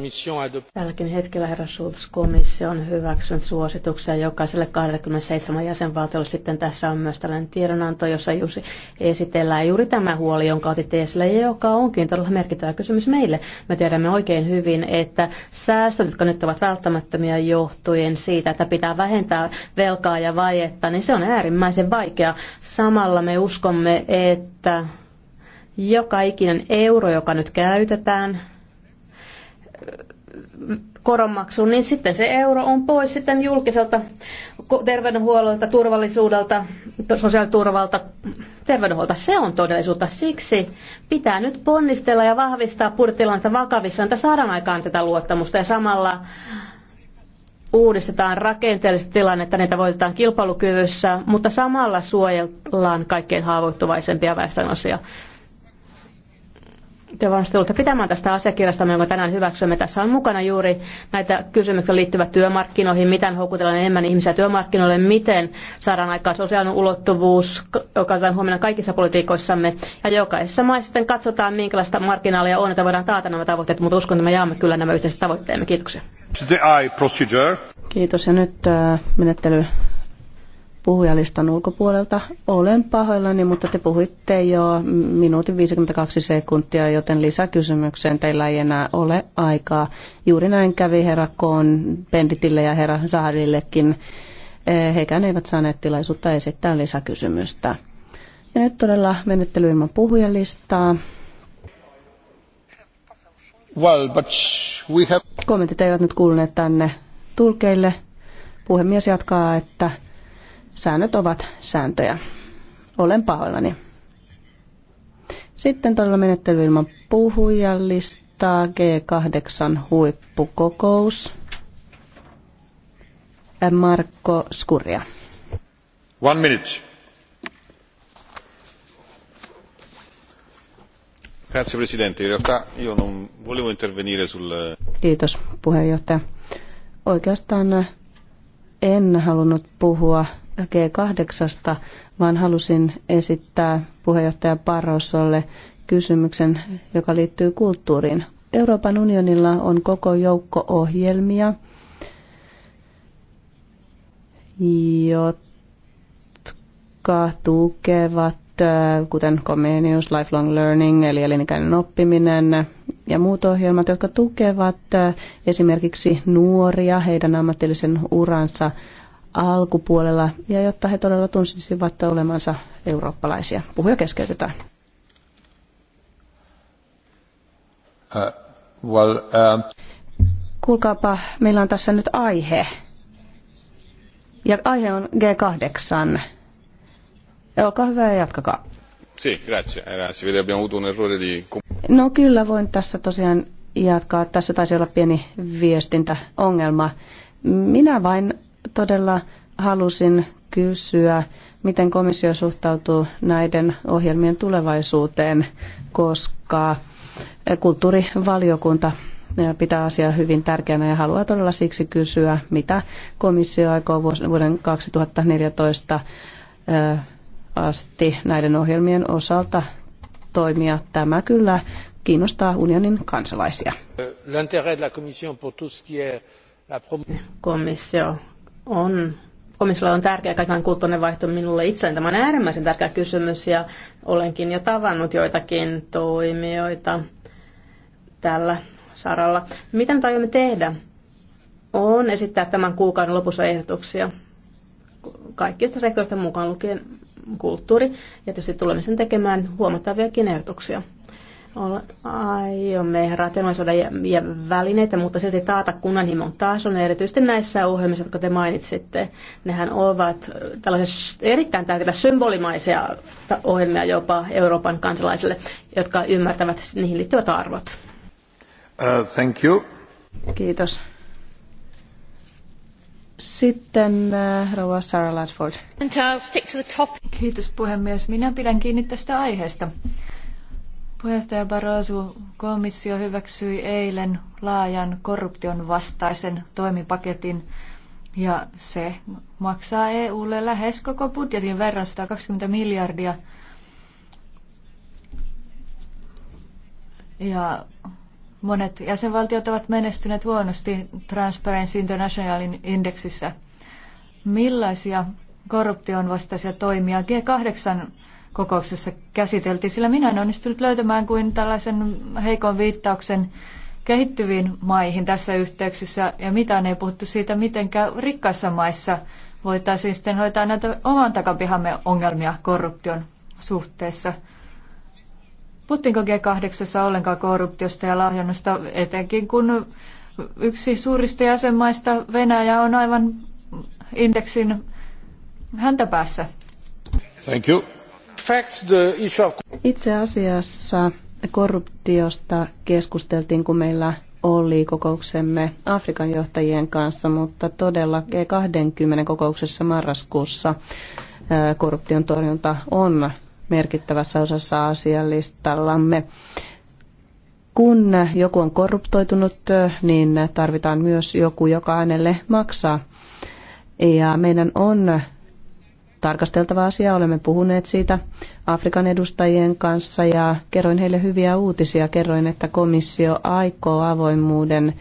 Tälläkin hetkellä herra Schulz-komissio on hyväksynyt suosituksia jokaiselle 27 jäsenvaltiolle. Sitten tässä on myös tällainen tiedonanto, jossa juuri esitellään juuri tämä huoli, jonka otitte esille, ja joka onkin todella merkittävä kysymys meille. Me tiedämme oikein hyvin, että säästöt, jotka nyt ovat välttämättömiä johtuen siitä, että pitää vähentää velkaa ja vajetta, niin se on äärimmäisen vaikea. Samalla me uskomme, että joka ikinen euro, joka nyt käytetään koronmaksuun, niin sitten se euro on pois sitten julkiselta terveydenhuollolta, turvallisuudelta, sosiaaliturvalta, terveydenhuolta. Se on todellisuutta. Siksi pitää nyt ponnistella ja vahvistaa budjettilannetta vakavissa, että saadaan aikaan tätä luottamusta ja samalla uudistetaan rakenteellista tilannetta, niitä voitetaan kilpailukyvyssä, mutta samalla suojellaan kaikkein haavoittuvaisempia väestönosia. Tervetuloa. pitämään tästä asiakirjasta, jonka tänään hyväksymme. Tässä on mukana juuri näitä kysymyksiä liittyvät työmarkkinoihin, miten houkutellaan enemmän ihmisiä työmarkkinoille, miten saadaan aikaan sosiaalinen ulottuvuus, joka otetaan huomioon kaikissa politiikoissamme. Ja jokaisessa maissa sitten katsotaan, minkälaista marginaalia on, että voidaan taata nämä tavoitteet, mutta uskon, että me jaamme kyllä nämä yhteiset tavoitteemme. Kiitoksia. Kiitos. Ja nyt äh, menettely puhujalistan ulkopuolelta. Olen pahoillani, mutta te puhuitte jo minuutin 52 sekuntia, joten lisäkysymykseen teillä ei enää ole aikaa. Juuri näin kävi herra Koon, Benditille ja herra Saadillekin. Eh, hekään eivät saaneet tilaisuutta esittää lisäkysymystä. Ja nyt todella menettely ilman puhujalistaa. Well, but we have... Kommentit eivät nyt kuuluneet tänne tulkeille. Puhemies jatkaa, että Säännöt ovat sääntöjä. Olen pahoillani. Sitten todella menettely ilman puhujallistaa G8 huippukokous. Äh, Marko Skurja. One minute. Grazie Presidente, in realtà io non volevo intervenire sul... Kiitos puheenjohtaja. Oikeastaan en halunnut puhua G8, vaan halusin esittää puheenjohtaja Barrosolle kysymyksen, joka liittyy kulttuuriin. Euroopan unionilla on koko joukko ohjelmia, jotka tukevat, kuten Comenius, Lifelong Learning, eli elinikäinen oppiminen ja muut ohjelmat, jotka tukevat esimerkiksi nuoria heidän ammatillisen uransa alkupuolella ja jotta he todella tunsisivat olemansa eurooppalaisia. Puhuja keskeytetään. Uh, well, uh... Kuulkaapa, meillä on tässä nyt aihe. Ja aihe on G8. Olkaa hyvä ja jatkakaa. Sì, grazie. Era, eh, si vede abbiamo avuto un errore di... No kyllä, voin tässä tosiaan jatkaa. Tässä taisi olla pieni viestintäongelma. Minä vain todella halusin kysyä, miten komissio suhtautuu näiden ohjelmien tulevaisuuteen, koska kulttuurivaliokunta pitää asiaa hyvin tärkeänä ja haluaa todella siksi kysyä, mitä komissio aikoo vuoden 2014 asti näiden ohjelmien osalta toimia. Tämä kyllä kiinnostaa unionin kansalaisia. Komissio on komissiolla on tärkeä kaikenlainen kulttuurinen vaihto minulle itselleni. Tämä on äärimmäisen tärkeä kysymys ja olenkin jo tavannut joitakin toimijoita tällä saralla. Mitä me aiomme tehdä? On esittää tämän kuukauden lopussa ehdotuksia kaikista sektoreista mukaan lukien kulttuuri. Ja tietysti tulemme sen tekemään huomattaviakin ehdotuksia aiomme rationalisoida ja, ja välineitä, mutta silti taata kunnanhimon tason, erityisesti näissä ohjelmissa, jotka te mainitsitte. Nehän ovat tällaisia erittäin tärkeitä symbolimaisia ohjelmia jopa Euroopan kansalaisille, jotka ymmärtävät niihin liittyvät arvot. Uh, thank you. Kiitos. Sitten uh, rouva Sarah Ladford. Kiitos puhemies. Minä pidän kiinni tästä aiheesta. Puheenjohtaja Barroso, komissio hyväksyi eilen laajan korruption vastaisen toimipaketin ja se maksaa EUlle lähes koko budjetin verran 120 miljardia. Ja monet jäsenvaltiot ovat menestyneet huonosti Transparency Internationalin indeksissä. Millaisia korruption vastaisia toimia G8 kokouksessa käsiteltiin, sillä minä en onnistunut löytämään kuin tällaisen heikon viittauksen kehittyviin maihin tässä yhteyksissä ja mitään ei puhuttu siitä, miten rikkaissa maissa voitaisiin sitten hoitaa näitä oman takapihamme ongelmia korruption suhteessa. Puhuttiinko G8 ollenkaan korruptiosta ja lahjonnasta, etenkin kun yksi suurista jäsenmaista Venäjä on aivan indeksin päässä. Thank you. Itse asiassa korruptiosta keskusteltiin, kun meillä oli kokouksemme Afrikan johtajien kanssa, mutta todella G20-kokouksessa marraskuussa korruption torjunta on merkittävässä osassa asialistallamme. Kun joku on korruptoitunut, niin tarvitaan myös joku, joka hänelle maksaa. Ja meidän on tarkasteltava asia. Olemme puhuneet siitä Afrikan edustajien kanssa ja kerroin heille hyviä uutisia. Kerroin, että komissio aikoo avoimuuden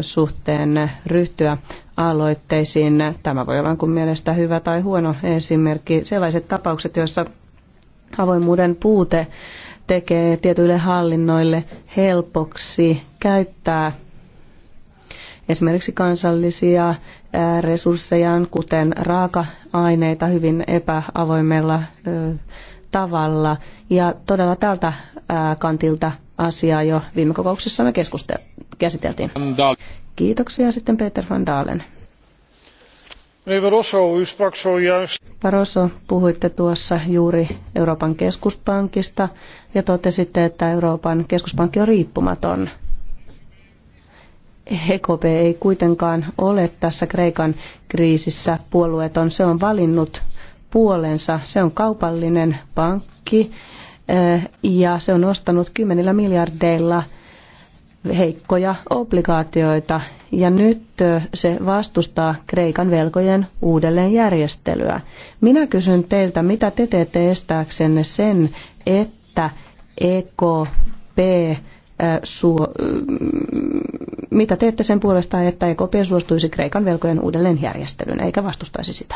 suhteen ryhtyä aloitteisiin. Tämä voi olla jonkun mielestä hyvä tai huono esimerkki. Sellaiset tapaukset, joissa avoimuuden puute tekee tietyille hallinnoille helpoksi käyttää esimerkiksi kansallisia resurssejaan, kuten raaka-aineita, hyvin epäavoimella tavalla. Ja todella tältä kantilta asiaa jo viime kokouksessa me käsiteltiin. Kiitoksia sitten Peter van Dalen. Barroso, puhuitte tuossa juuri Euroopan keskuspankista ja totesitte, että Euroopan keskuspankki on riippumaton – EKP ei kuitenkaan ole tässä Kreikan kriisissä puolueeton. Se on valinnut puolensa. Se on kaupallinen pankki eh, ja se on ostanut kymmenillä miljardeilla heikkoja obligaatioita ja nyt eh, se vastustaa Kreikan velkojen uudelleenjärjestelyä. Minä kysyn teiltä, mitä te teette estääksenne sen, että EKP suo, mitä teette sen puolesta, että EKP suostuisi Kreikan velkojen uudelleenjärjestelyyn eikä vastustaisi sitä?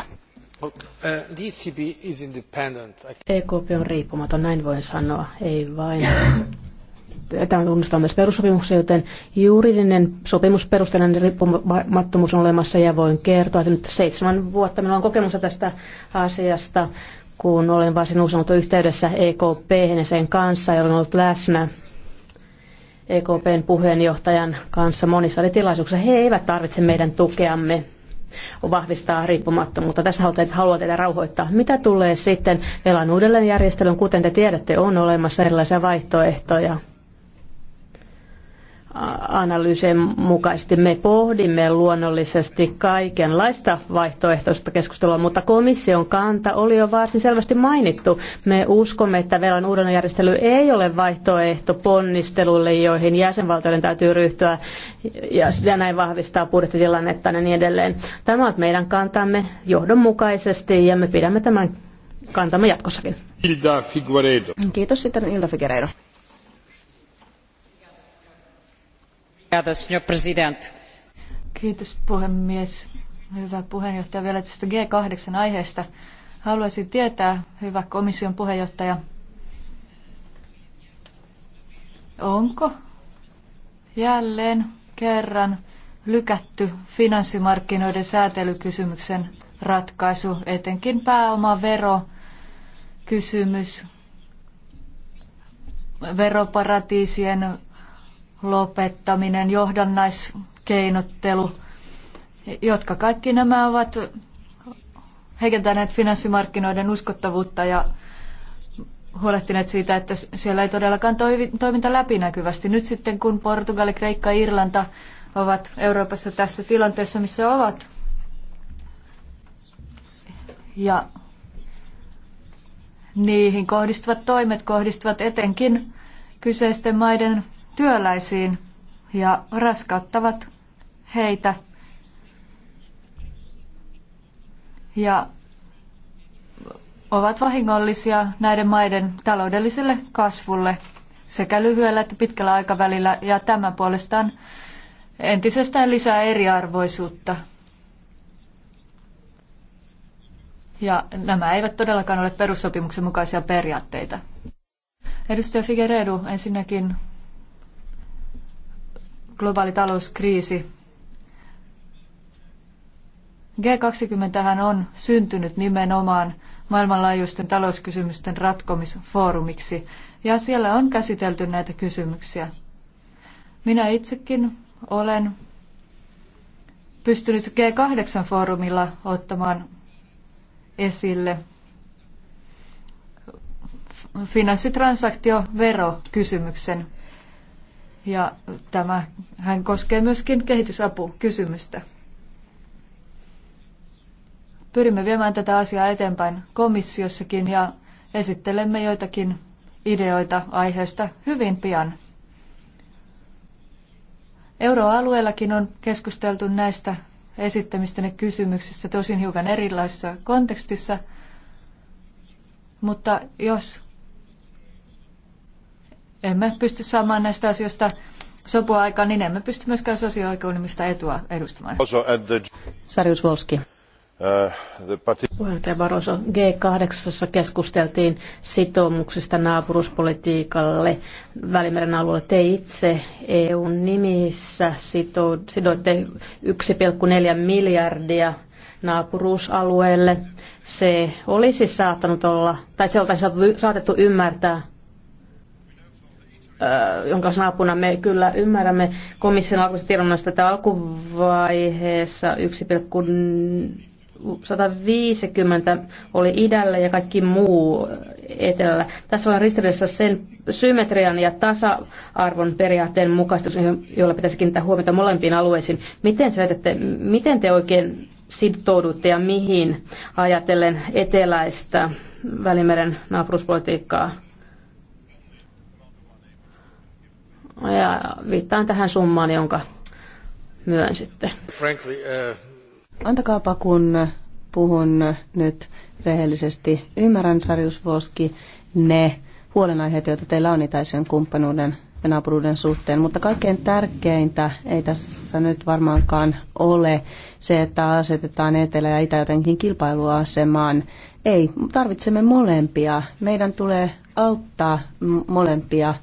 EKP on riippumaton, näin voin sanoa, ei vain. Tämä tunnustaa myös perussopimuksen, joten juridinen sopimusperusteinen riippumattomuus on olemassa ja voin kertoa, että nyt seitsemän vuotta minulla on kokemusta tästä asiasta, kun olen varsin usein ollut yhteydessä EKP ja sen kanssa ja olen ollut läsnä EKPn puheenjohtajan kanssa monissa oli tilaisuuksissa. He eivät tarvitse meidän tukeamme vahvistaa riippumattomuutta. Tässä haluan teitä rauhoittaa. Mitä tulee sitten velan uudelleenjärjestelyyn? Kuten te tiedätte, on olemassa erilaisia vaihtoehtoja analyysien mukaisesti me pohdimme luonnollisesti kaikenlaista vaihtoehtoista keskustelua, mutta komission kanta oli jo varsin selvästi mainittu. Me uskomme, että velan uudelleenjärjestely ei ole vaihtoehto ponnisteluille, joihin jäsenvaltioiden täytyy ryhtyä ja näin vahvistaa budjettitilannetta ja niin edelleen. Tämä on meidän kantamme johdonmukaisesti ja me pidämme tämän kantamme jatkossakin. Ilda Figueiredo. Kiitos sitten Ilda Figueiredo. Kiitos puhemies. Hyvä puheenjohtaja vielä tästä G8 aiheesta. Haluaisin tietää, hyvä komission puheenjohtaja, onko jälleen kerran lykätty finanssimarkkinoiden säätelykysymyksen ratkaisu, etenkin pääomavero, kysymys, veroparatiisien lopettaminen, johdannaiskeinottelu, jotka kaikki nämä ovat heikentäneet finanssimarkkinoiden uskottavuutta ja huolehtineet siitä, että siellä ei todellakaan toiminta läpinäkyvästi. Nyt sitten kun Portugali, Kreikka, Irlanta ovat Euroopassa tässä tilanteessa, missä ovat, ja niihin kohdistuvat toimet kohdistuvat etenkin kyseisten maiden työläisiin ja raskauttavat heitä. Ja ovat vahingollisia näiden maiden taloudelliselle kasvulle sekä lyhyellä että pitkällä aikavälillä ja tämä puolestaan entisestään lisää eriarvoisuutta. Ja nämä eivät todellakaan ole perussopimuksen mukaisia periaatteita. Edustaja Figueredo, ensinnäkin globaali talouskriisi. G20 on syntynyt nimenomaan maailmanlaajuisten talouskysymysten ratkomisfoorumiksi, ja siellä on käsitelty näitä kysymyksiä. Minä itsekin olen pystynyt G8-foorumilla ottamaan esille finanssitransaktioverokysymyksen. Ja tämä hän koskee myöskin kehitysapukysymystä. Pyrimme viemään tätä asiaa eteenpäin komissiossakin ja esittelemme joitakin ideoita aiheesta hyvin pian. Euroalueellakin on keskusteltu näistä esittämistäne kysymyksistä, tosin hiukan erilaisessa kontekstissa, mutta jos emme pysty saamaan näistä asioista sopua aikaan, niin emme pysty myöskään sosioekonomista etua edustamaan. Sarius Volski. Uh, Puheenjohtaja Barroso, G8 keskusteltiin sitoumuksista naapuruspolitiikalle Välimeren alueelle. Te itse EUn nimissä sidoitte 1,4 miljardia naapuruusalueelle. Se olisi saattanut olla, tai se oltaisiin saatettu ymmärtää Äh, jonka saapuna me kyllä ymmärrämme komission alkuisesta tiedonnosta, että alkuvaiheessa 1,150 oli idällä ja kaikki muu etelällä. Tässä on ristiriidassa sen symmetrian ja tasa-arvon periaatteen mukaista, jolla pitäisi kiinnittää huomiota molempiin alueisiin. Miten, selätätte, miten te oikein sitoudutte ja mihin ajatellen eteläistä Välimeren naapuruspolitiikkaa? Ja viittaan tähän summaan, jonka myönsitte. Frankly, uh... Antakaapa, kun puhun nyt rehellisesti. Ymmärrän, Sarjus Voski, ne huolenaiheet, joita teillä on itäisen kumppanuuden ja naapuruuden suhteen, mutta kaikkein tärkeintä ei tässä nyt varmaankaan ole se, että asetetaan Etelä ja Itä jotenkin kilpailuasemaan. Ei, tarvitsemme molempia. Meidän tulee auttaa molempia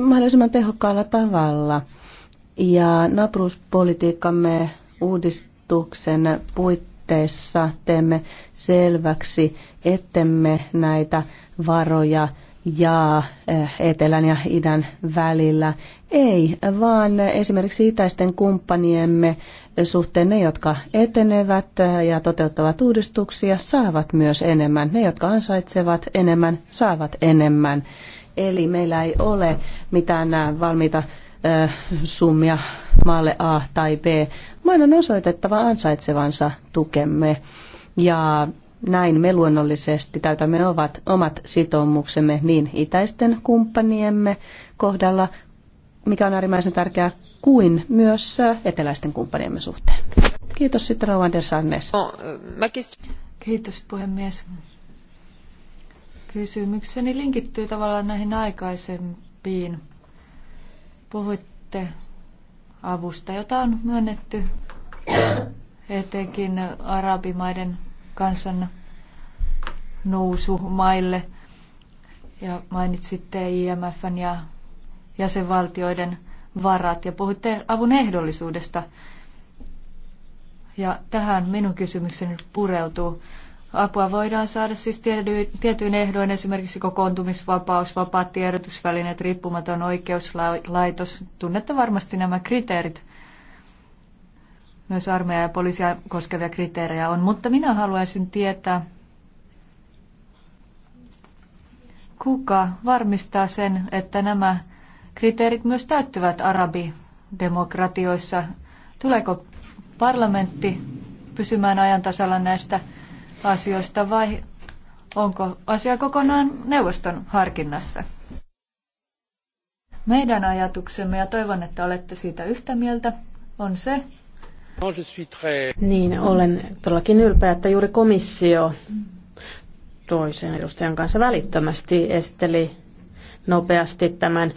mahdollisimman tehokkaalla tavalla. Ja naapuruuspolitiikkamme uudistuksen puitteissa teemme selväksi, ettemme näitä varoja ja eh, etelän ja idän välillä. Ei, vaan esimerkiksi itäisten kumppaniemme suhteen ne, jotka etenevät ja toteuttavat uudistuksia, saavat myös enemmän. Ne, jotka ansaitsevat enemmän, saavat enemmän. Eli meillä ei ole mitään äh, valmiita äh, summia maalle A tai B. Maan on osoitettava ansaitsevansa tukemme. Ja näin me luonnollisesti täytämme ovat omat sitoumuksemme niin itäisten kumppaniemme kohdalla, mikä on äärimmäisen tärkeää, kuin myös äh, eteläisten kumppaniemme suhteen. Kiitos sitten Rovander Kiitos puhemies kysymykseni linkittyy tavallaan näihin aikaisempiin. Puhuitte avusta, jota on myönnetty etenkin arabimaiden kansan nousumaille. Ja mainitsitte IMFn ja jäsenvaltioiden varat ja puhuitte avun ehdollisuudesta. Ja tähän minun kysymykseni pureutuu. Apua voidaan saada siis tietyin ehdoin, esimerkiksi kokoontumisvapaus, vapaat tiedotusvälineet, riippumaton oikeuslaitos. Tunnette varmasti nämä kriteerit. Myös armeija ja poliisia koskevia kriteerejä on, mutta minä haluaisin tietää, kuka varmistaa sen, että nämä kriteerit myös täyttyvät arabidemokratioissa. Tuleeko parlamentti pysymään ajan tasalla näistä asioista vai onko asia kokonaan neuvoston harkinnassa? Meidän ajatuksemme, ja toivon, että olette siitä yhtä mieltä, on se, niin, olen todellakin ylpeä, että juuri komissio toisen edustajan kanssa välittömästi esteli nopeasti tämän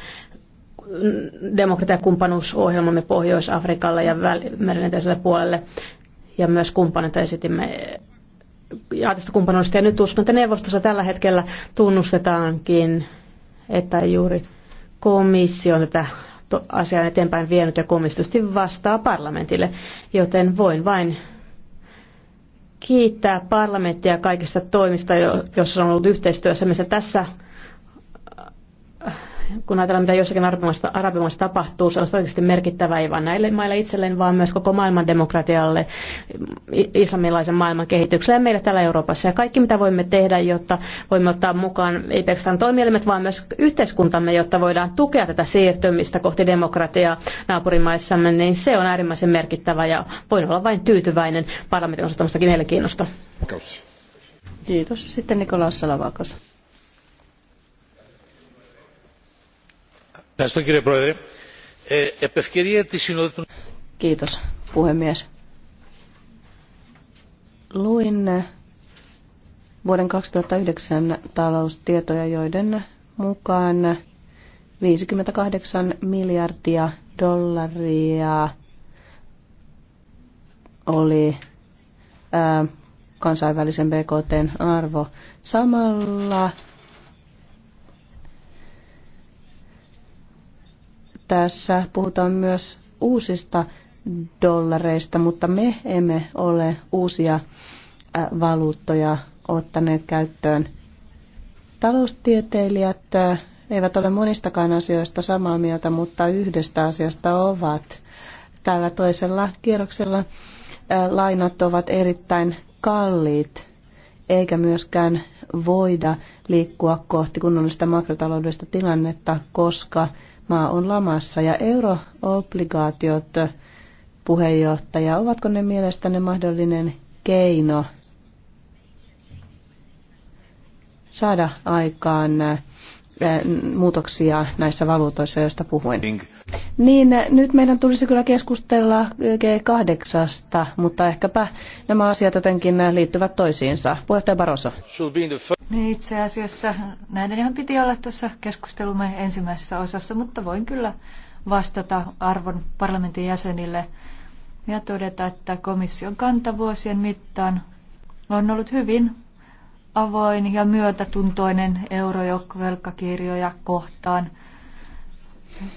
demokratiakumppanuusohjelmamme Pohjois-Afrikalle ja merinetäiselle puolelle. Ja myös kumppanita esitimme jaetusta kumppanuudesta. Ja nyt uskon, että neuvostossa tällä hetkellä tunnustetaankin, että juuri komissio on tätä asiaa eteenpäin vienyt ja komistusti vastaa parlamentille, joten voin vain kiittää parlamenttia kaikista toimista, joissa on ollut yhteistyössä, missä tässä kun ajatellaan, mitä jossakin arabimaissa, arabimaissa tapahtuu, se on tietysti merkittävä ei vain näille maille itselleen, vaan myös koko maailman demokratialle, islamilaisen maailman kehitykselle ja meille täällä Euroopassa. Ja kaikki, mitä voimme tehdä, jotta voimme ottaa mukaan ei pelkästään toimielimet, vaan myös yhteiskuntamme, jotta voidaan tukea tätä siirtymistä kohti demokratiaa naapurimaissamme, niin se on äärimmäisen merkittävä ja voin olla vain tyytyväinen parlamentin osoittamastakin mielenkiinnosta. Kiitos. Sitten Nikolaus Salavakos. Kiitos puhemies. Luin vuoden 2009 taloustietoja, joiden mukaan 58 miljardia dollaria oli kansainvälisen BKTn arvo. Samalla tässä puhutaan myös uusista dollareista, mutta me emme ole uusia äh, valuuttoja ottaneet käyttöön. Taloustieteilijät äh, eivät ole monistakaan asioista samaa mieltä, mutta yhdestä asiasta ovat. Tällä toisella kierroksella äh, lainat ovat erittäin kalliit, eikä myöskään voida liikkua kohti kunnollista makrotaloudellista tilannetta, koska maa on lamassa. Ja euroobligaatiot, puheenjohtaja, ovatko ne mielestänne mahdollinen keino saada aikaan Äh, muutoksia näissä valuutoissa, joista puhuin. Niin nyt meidän tulisi kyllä keskustella G8, äh, mutta ehkäpä nämä asiat jotenkin liittyvät toisiinsa. Puheenjohtaja Barroso. Niin itse asiassa näiden ihan piti olla tuossa keskustelumme ensimmäisessä osassa, mutta voin kyllä vastata arvon parlamentin jäsenille ja todeta, että komission kanta vuosien mittaan on ollut hyvin avoin ja myötätuntoinen eurojoukkovelkakirjoja kohtaan.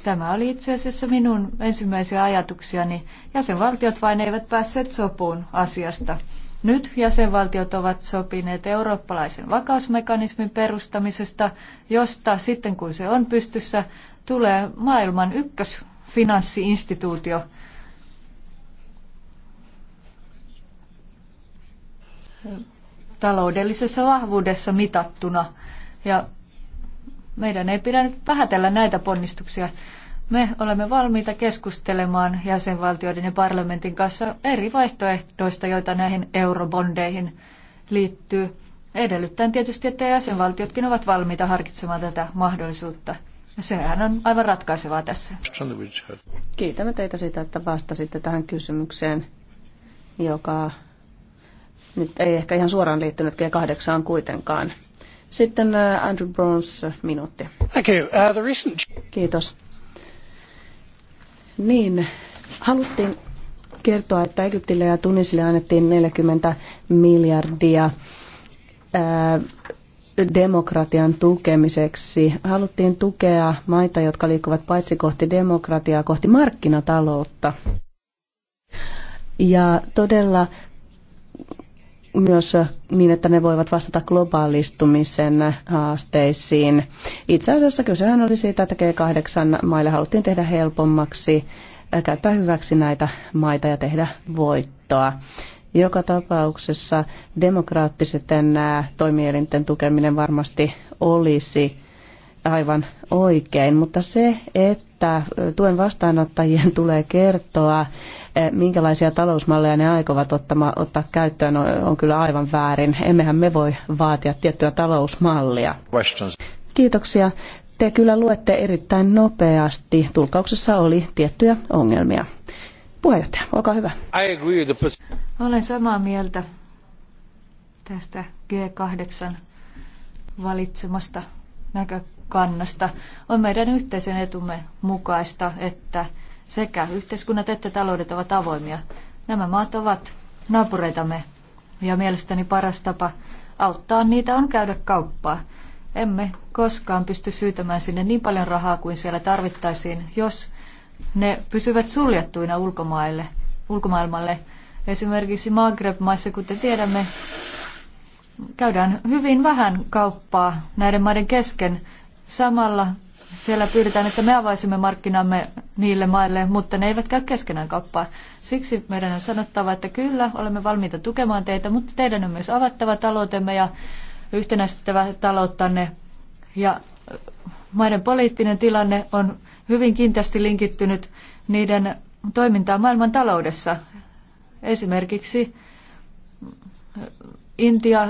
Tämä oli itse asiassa minun ensimmäisiä ajatuksiani. Jäsenvaltiot vain eivät päässeet sopuun asiasta. Nyt jäsenvaltiot ovat sopineet eurooppalaisen vakausmekanismin perustamisesta, josta sitten kun se on pystyssä, tulee maailman ykkös finanssiinstituutio taloudellisessa vahvuudessa mitattuna. Ja meidän ei pidä nyt vähätellä näitä ponnistuksia. Me olemme valmiita keskustelemaan jäsenvaltioiden ja parlamentin kanssa eri vaihtoehdoista, joita näihin eurobondeihin liittyy. Edellyttäen tietysti, että jäsenvaltiotkin ovat valmiita harkitsemaan tätä mahdollisuutta. Ja sehän on aivan ratkaisevaa tässä. Kiitämme teitä siitä, että vastasitte tähän kysymykseen, joka nyt ei ehkä ihan suoraan liittynyt G8 kuitenkaan. Sitten äh, Andrew Browns minuutti. Thank you. Uh, the recent... Kiitos. Niin, haluttiin kertoa, että Egyptille ja Tunisille annettiin 40 miljardia äh, demokratian tukemiseksi. Haluttiin tukea maita, jotka liikkuvat paitsi kohti demokratiaa, kohti markkinataloutta. Ja todella myös äh, niin, että ne voivat vastata globaalistumisen haasteisiin. Itse asiassa kysehän oli siitä, että G8-maille haluttiin tehdä helpommaksi äh, käyttää hyväksi näitä maita ja tehdä voittoa. Joka tapauksessa demokraattisten äh, toimielinten tukeminen varmasti olisi aivan oikein, mutta se, että tuen vastaanottajien [laughs] tulee kertoa, eh, minkälaisia talousmalleja ne aikovat ottama, ottaa käyttöön, on, on kyllä aivan väärin. Emmehän me voi vaatia tiettyä talousmallia. Questions. Kiitoksia. Te kyllä luette erittäin nopeasti. Tulkauksessa oli tiettyjä ongelmia. Puheenjohtaja, olkaa hyvä. Olen samaa mieltä tästä G8 valitsemasta näkökulmasta kannasta. On meidän yhteisen etumme mukaista, että sekä yhteiskunnat että taloudet ovat avoimia. Nämä maat ovat naapureitamme ja mielestäni paras tapa auttaa niitä on käydä kauppaa. Emme koskaan pysty syytämään sinne niin paljon rahaa kuin siellä tarvittaisiin, jos ne pysyvät suljettuina ulkomaille, ulkomaailmalle. Esimerkiksi Maghreb-maissa, kuten tiedämme, käydään hyvin vähän kauppaa näiden maiden kesken, Samalla siellä pyydetään, että me avaisimme markkinamme niille maille, mutta ne eivät käy keskenään kauppaa. Siksi meidän on sanottava, että kyllä, olemme valmiita tukemaan teitä, mutta teidän on myös avattava taloutemme ja yhtenäistettävä talouttanne. Ja äh, maiden poliittinen tilanne on hyvin kiinteästi linkittynyt niiden toimintaan maailman taloudessa. Esimerkiksi äh, Intia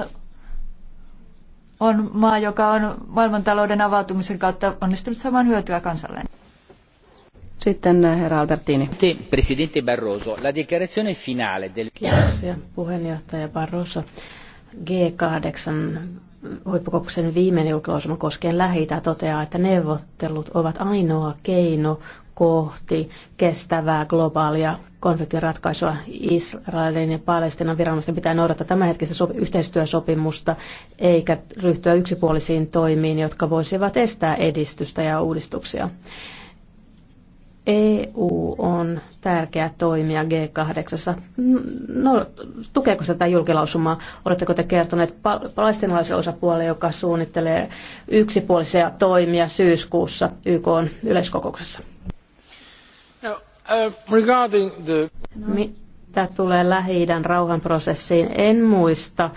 on maa, joka on maailmantalouden avautumisen kautta onnistunut saamaan hyötyä kansalleen. Sitten eh, herra Albertini. Presidente Barroso, la dichiarazione finale del... Kiitoksia puheenjohtaja Barroso. G8 huippukokouksen viimeinen julkilausuma koskien lähi toteaa, että neuvottelut ovat ainoa keino kohti kestävää globaalia konfliktin ratkaisua Israelin ja Palestinan viranomaisten pitää noudattaa tämänhetkistä sop- yhteistyösopimusta eikä ryhtyä yksipuolisiin toimiin, jotka voisivat estää edistystä ja uudistuksia. EU on tärkeä toimija G8. No, tukeeko sitä julkilausumaa? Oletteko te kertoneet palestinalaisen osapuolelle, joka suunnittelee yksipuolisia toimia syyskuussa YK yleiskokouksessa? Uh, regarding the... Mitä tulee Lähi-idän rauhanprosessiin, en muista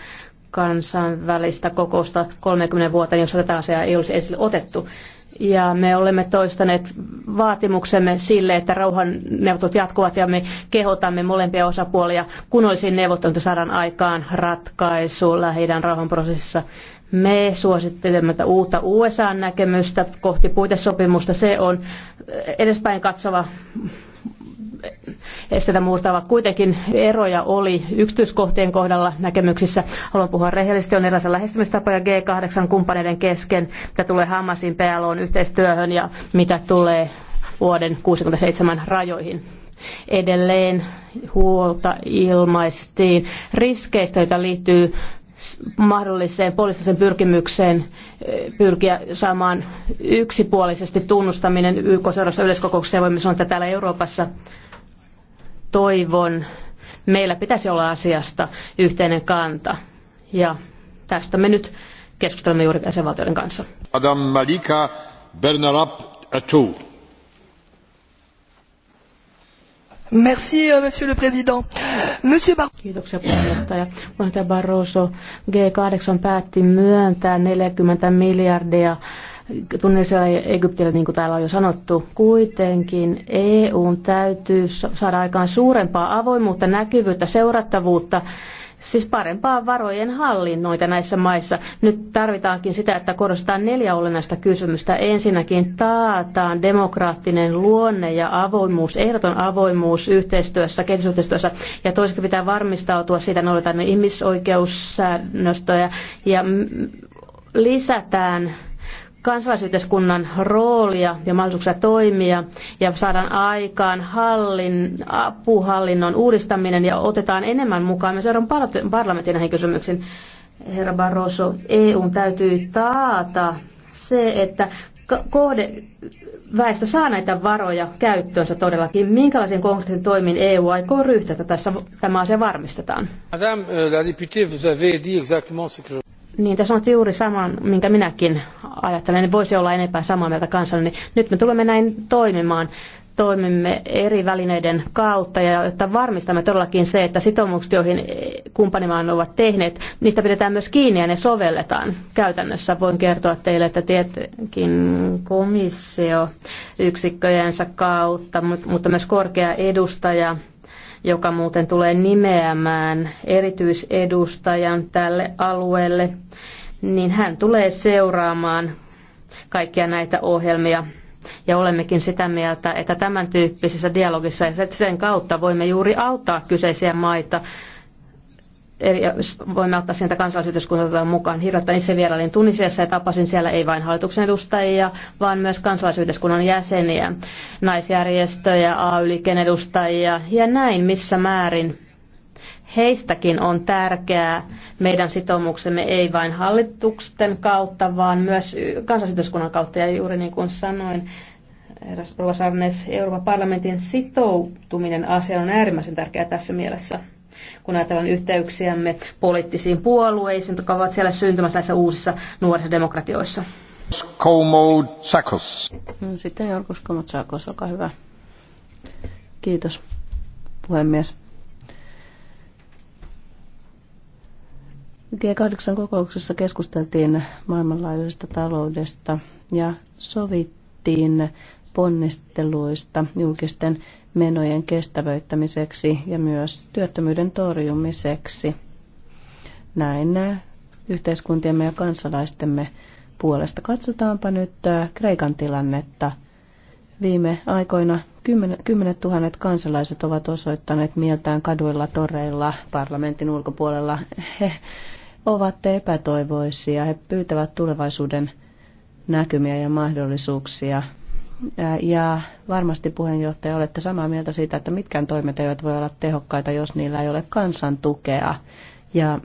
kansainvälistä kokousta 30 vuoteen, jossa tätä asiaa ei olisi esille otettu. Ja me olemme toistaneet vaatimuksemme sille, että rauhanneuvottelut jatkuvat ja me kehotamme molempia osapuolia kunnollisiin neuvotteluihin saadaan aikaan ratkaisu lähi rauhanprosessissa. Me suosittelemme tätä uutta USA-näkemystä kohti puitesopimusta. Se on edespäin katsova estetä muusta, vaan kuitenkin eroja oli yksityiskohtien kohdalla näkemyksissä. Haluan puhua rehellisesti, on erilaisia lähestymistapoja G8-kumppaneiden kesken, mitä tulee Hamasin PLOn yhteistyöhön ja mitä tulee vuoden 67 rajoihin. Edelleen huolta ilmaistiin riskeistä, joita liittyy mahdolliseen poliittisen pyrkimykseen eh, pyrkiä saamaan yksipuolisesti tunnustaminen YK seuraavassa yleiskokouksessa. Ja voimme sanoa, että täällä Euroopassa toivon, meillä pitäisi olla asiasta yhteinen kanta. Ja tästä me nyt keskustelemme juuri jäsenvaltioiden kanssa. Adam Malika, Atou. Merci, euh, monsieur le président. Monsieur Bar- Kiitoksia puheenjohtaja. Barroso, G8 päätti myöntää 40 miljardia Tunisialla ja Egyptillä, niin kuin täällä on jo sanottu, kuitenkin EUn täytyy saada aikaan suurempaa avoimuutta, näkyvyyttä, seurattavuutta siis parempaa varojen hallinnointia näissä maissa. Nyt tarvitaankin sitä, että korostetaan neljä olennaista kysymystä. Ensinnäkin taataan demokraattinen luonne ja avoimuus, ehdoton avoimuus yhteistyössä, kehitysyhteistyössä. Ja toiseksi pitää varmistautua siitä, noudataan ihmisoikeussäännöstöjä ja lisätään kansalaisyhteiskunnan roolia ja mahdollisuuksia toimia ja saadaan aikaan hallin, apuhallinnon uudistaminen ja otetaan enemmän mukaan myös Euroopan parlamentin näihin kysymyksiin. Herra Barroso, EU täytyy taata se, että kohde, väestö saa näitä varoja käyttöönsä todellakin. Minkälaisiin konkreettisiin toimiin EU aikoo ryhtyä, että tässä, tämä asia varmistetaan? Madame euh, la députée, vous avez dit exactement ce que je... Niin, tässä on juuri saman, minkä minäkin ajattelen, niin voisi olla enempää samaa mieltä kanssani. Niin nyt me tulemme näin toimimaan. Toimimme eri välineiden kautta ja että varmistamme todellakin se, että sitoumukset, joihin kumppanimaan ovat tehneet, niistä pidetään myös kiinni ja ne sovelletaan. Käytännössä voin kertoa teille, että tietenkin komissio yksikköjensä kautta, mutta myös korkea edustaja joka muuten tulee nimeämään erityisedustajan tälle alueelle, niin hän tulee seuraamaan kaikkia näitä ohjelmia. Ja olemmekin sitä mieltä, että tämän tyyppisessä dialogissa ja sen kautta voimme juuri auttaa kyseisiä maita eri, voimme ottaa sieltä kansalaisyhteiskunnalta mukaan. Hirrattain itse vierailin Tunisiassa ja tapasin siellä ei vain hallituksen edustajia, vaan myös kansalaisyhteiskunnan jäseniä, naisjärjestöjä, AY-liikkeen edustajia ja näin missä määrin heistäkin on tärkeää meidän sitoumuksemme ei vain hallituksen kautta, vaan myös kansalaisyhteiskunnan kautta. Ja juuri niin kuin sanoin, Euroopan parlamentin sitoutuminen asiaan on äärimmäisen tärkeää tässä mielessä kun ajatellaan yhteyksiämme poliittisiin puolueisiin, jotka ovat siellä syntymässä näissä uusissa nuorisodemokratioissa. Komotsakos. No, sitten Jorkus Komotsakos, olkaa hyvä. Kiitos, puhemies. G8-kokouksessa keskusteltiin maailmanlaajuisesta taloudesta ja sovittiin ponnisteluista julkisten menojen kestävöittämiseksi ja myös työttömyyden torjumiseksi. Näin äh, yhteiskuntiemme ja kansalaistemme puolesta. Katsotaanpa nyt äh, Kreikan tilannetta. Viime aikoina kymmenet tuhannet kansalaiset ovat osoittaneet mieltään kaduilla, toreilla, parlamentin ulkopuolella. He ovat epätoivoisia. He pyytävät tulevaisuuden näkymiä ja mahdollisuuksia ja varmasti puheenjohtaja olette samaa mieltä siitä, että mitkään toimet eivät voi olla tehokkaita, jos niillä ei ole kansan tukea. Ja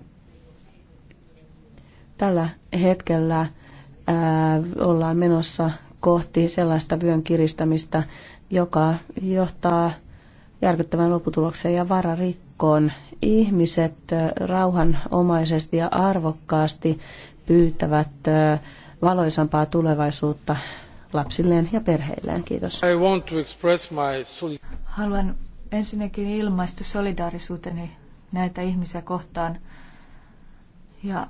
tällä hetkellä ää, ollaan menossa kohti sellaista vyön kiristämistä, joka johtaa järkyttävän lopputulokseen ja vararikkoon. Ihmiset rauhanomaisesti ja arvokkaasti pyytävät valoisampaa tulevaisuutta lapsilleen ja perheilleen. Kiitos. Haluan ensinnäkin ilmaista solidaarisuuteni näitä ihmisiä kohtaan ja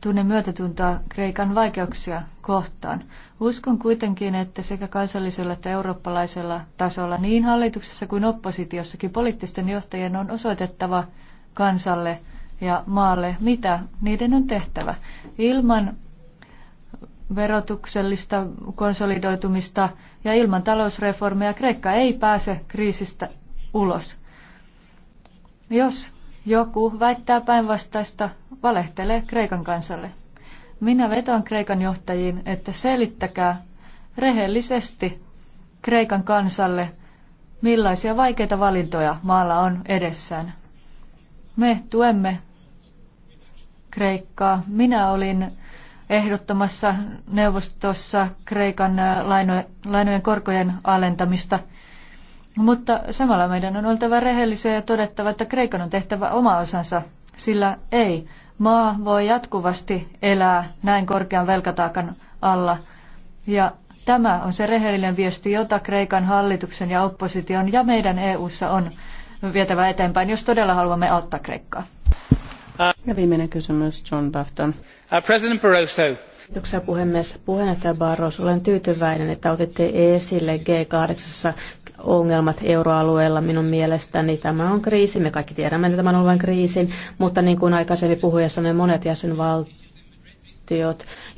tunnen myötätuntoa Kreikan vaikeuksia kohtaan. Uskon kuitenkin, että sekä kansallisella että eurooppalaisella tasolla niin hallituksessa kuin oppositiossakin poliittisten johtajien on osoitettava kansalle ja maalle, mitä niiden on tehtävä. Ilman verotuksellista konsolidoitumista ja ilman talousreformeja Kreikka ei pääse kriisistä ulos. Jos joku väittää päinvastaista, valehtelee Kreikan kansalle. Minä vetoan Kreikan johtajiin, että selittäkää rehellisesti Kreikan kansalle, millaisia vaikeita valintoja maalla on edessään. Me tuemme Kreikkaa. Minä olin ehdottamassa neuvostossa Kreikan äh, lainojen korkojen alentamista. Mutta samalla meidän on oltava rehellisiä ja todettava, että Kreikan on tehtävä oma osansa, sillä ei. Maa voi jatkuvasti elää näin korkean velkataakan alla. Ja tämä on se rehellinen viesti, jota Kreikan hallituksen ja opposition ja meidän EU:ssa on vietävä eteenpäin, jos todella haluamme auttaa Kreikkaa. Ja viimeinen kysymys John Bafton. Uh, President Barroso. Kiitoksia puhemies. Puheenjohtaja Barroso, olen tyytyväinen, että otitte esille G8 ongelmat euroalueella minun mielestäni. Tämä on kriisi, me kaikki tiedämme, että tämän olevan kriisin, mutta niin kuin aikaisemmin puhuja sanoi, monet jäsenvaltiot Ja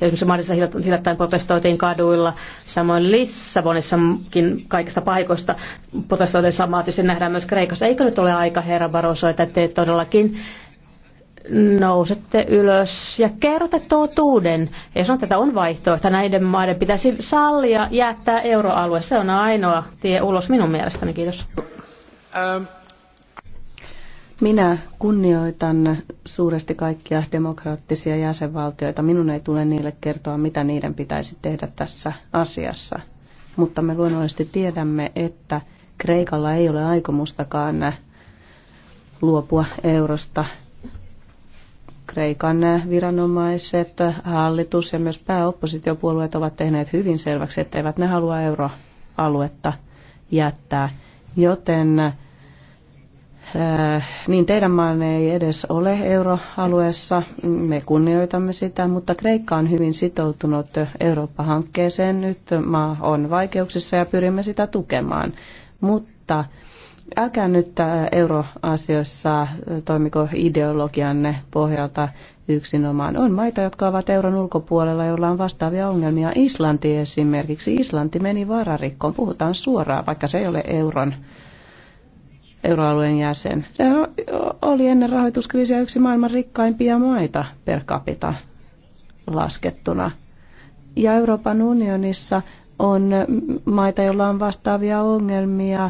esimerkiksi Madissa hiljattain protestoitiin kaduilla, samoin Lissabonissakin kaikista paikoista protestoitiin samaattisesti nähdään myös Kreikassa. Eikö nyt ole aika, herra Barroso, että te todellakin nousette ylös ja kerrotte totuuden. Ja sanotte, että on vaihtoehto. Näiden maiden pitäisi sallia jättää euroalue. Se on ainoa tie ulos minun mielestäni. Kiitos. Ähm. Minä kunnioitan suuresti kaikkia demokraattisia jäsenvaltioita. Minun ei tule niille kertoa, mitä niiden pitäisi tehdä tässä asiassa. Mutta me luonnollisesti tiedämme, että Kreikalla ei ole aikomustakaan luopua eurosta Kreikan viranomaiset, hallitus ja myös pääoppositiopuolueet ovat tehneet hyvin selväksi, etteivät ne halua euroaluetta jättää. Joten äh, niin teidän maanne ei edes ole euroalueessa, me kunnioitamme sitä, mutta Kreikka on hyvin sitoutunut Eurooppa-hankkeeseen. Nyt maa on vaikeuksissa ja pyrimme sitä tukemaan. Mutta älkää nyt äh, euroasioissa äh, toimiko ideologianne pohjalta yksinomaan. On maita, jotka ovat euron ulkopuolella, joilla on vastaavia ongelmia. Islanti esimerkiksi. Islanti meni vararikkoon. Puhutaan suoraan, vaikka se ei ole euron euroalueen jäsen. Se oli ennen rahoituskriisiä yksi maailman rikkaimpia maita per capita laskettuna. Ja Euroopan unionissa on maita, joilla on vastaavia ongelmia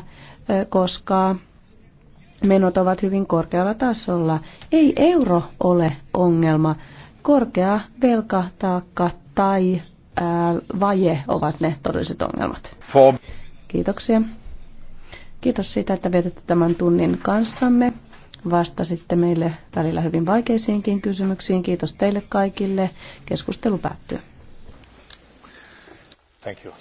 koska menot ovat hyvin korkealla tasolla. Ei euro ole ongelma. Korkea velkataakka tai ää, vaje ovat ne todelliset ongelmat. Kiitoksia. Kiitos siitä, että vietätte tämän tunnin kanssamme. Vastasitte meille välillä hyvin vaikeisiinkin kysymyksiin. Kiitos teille kaikille. Keskustelu päättyy. Thank you.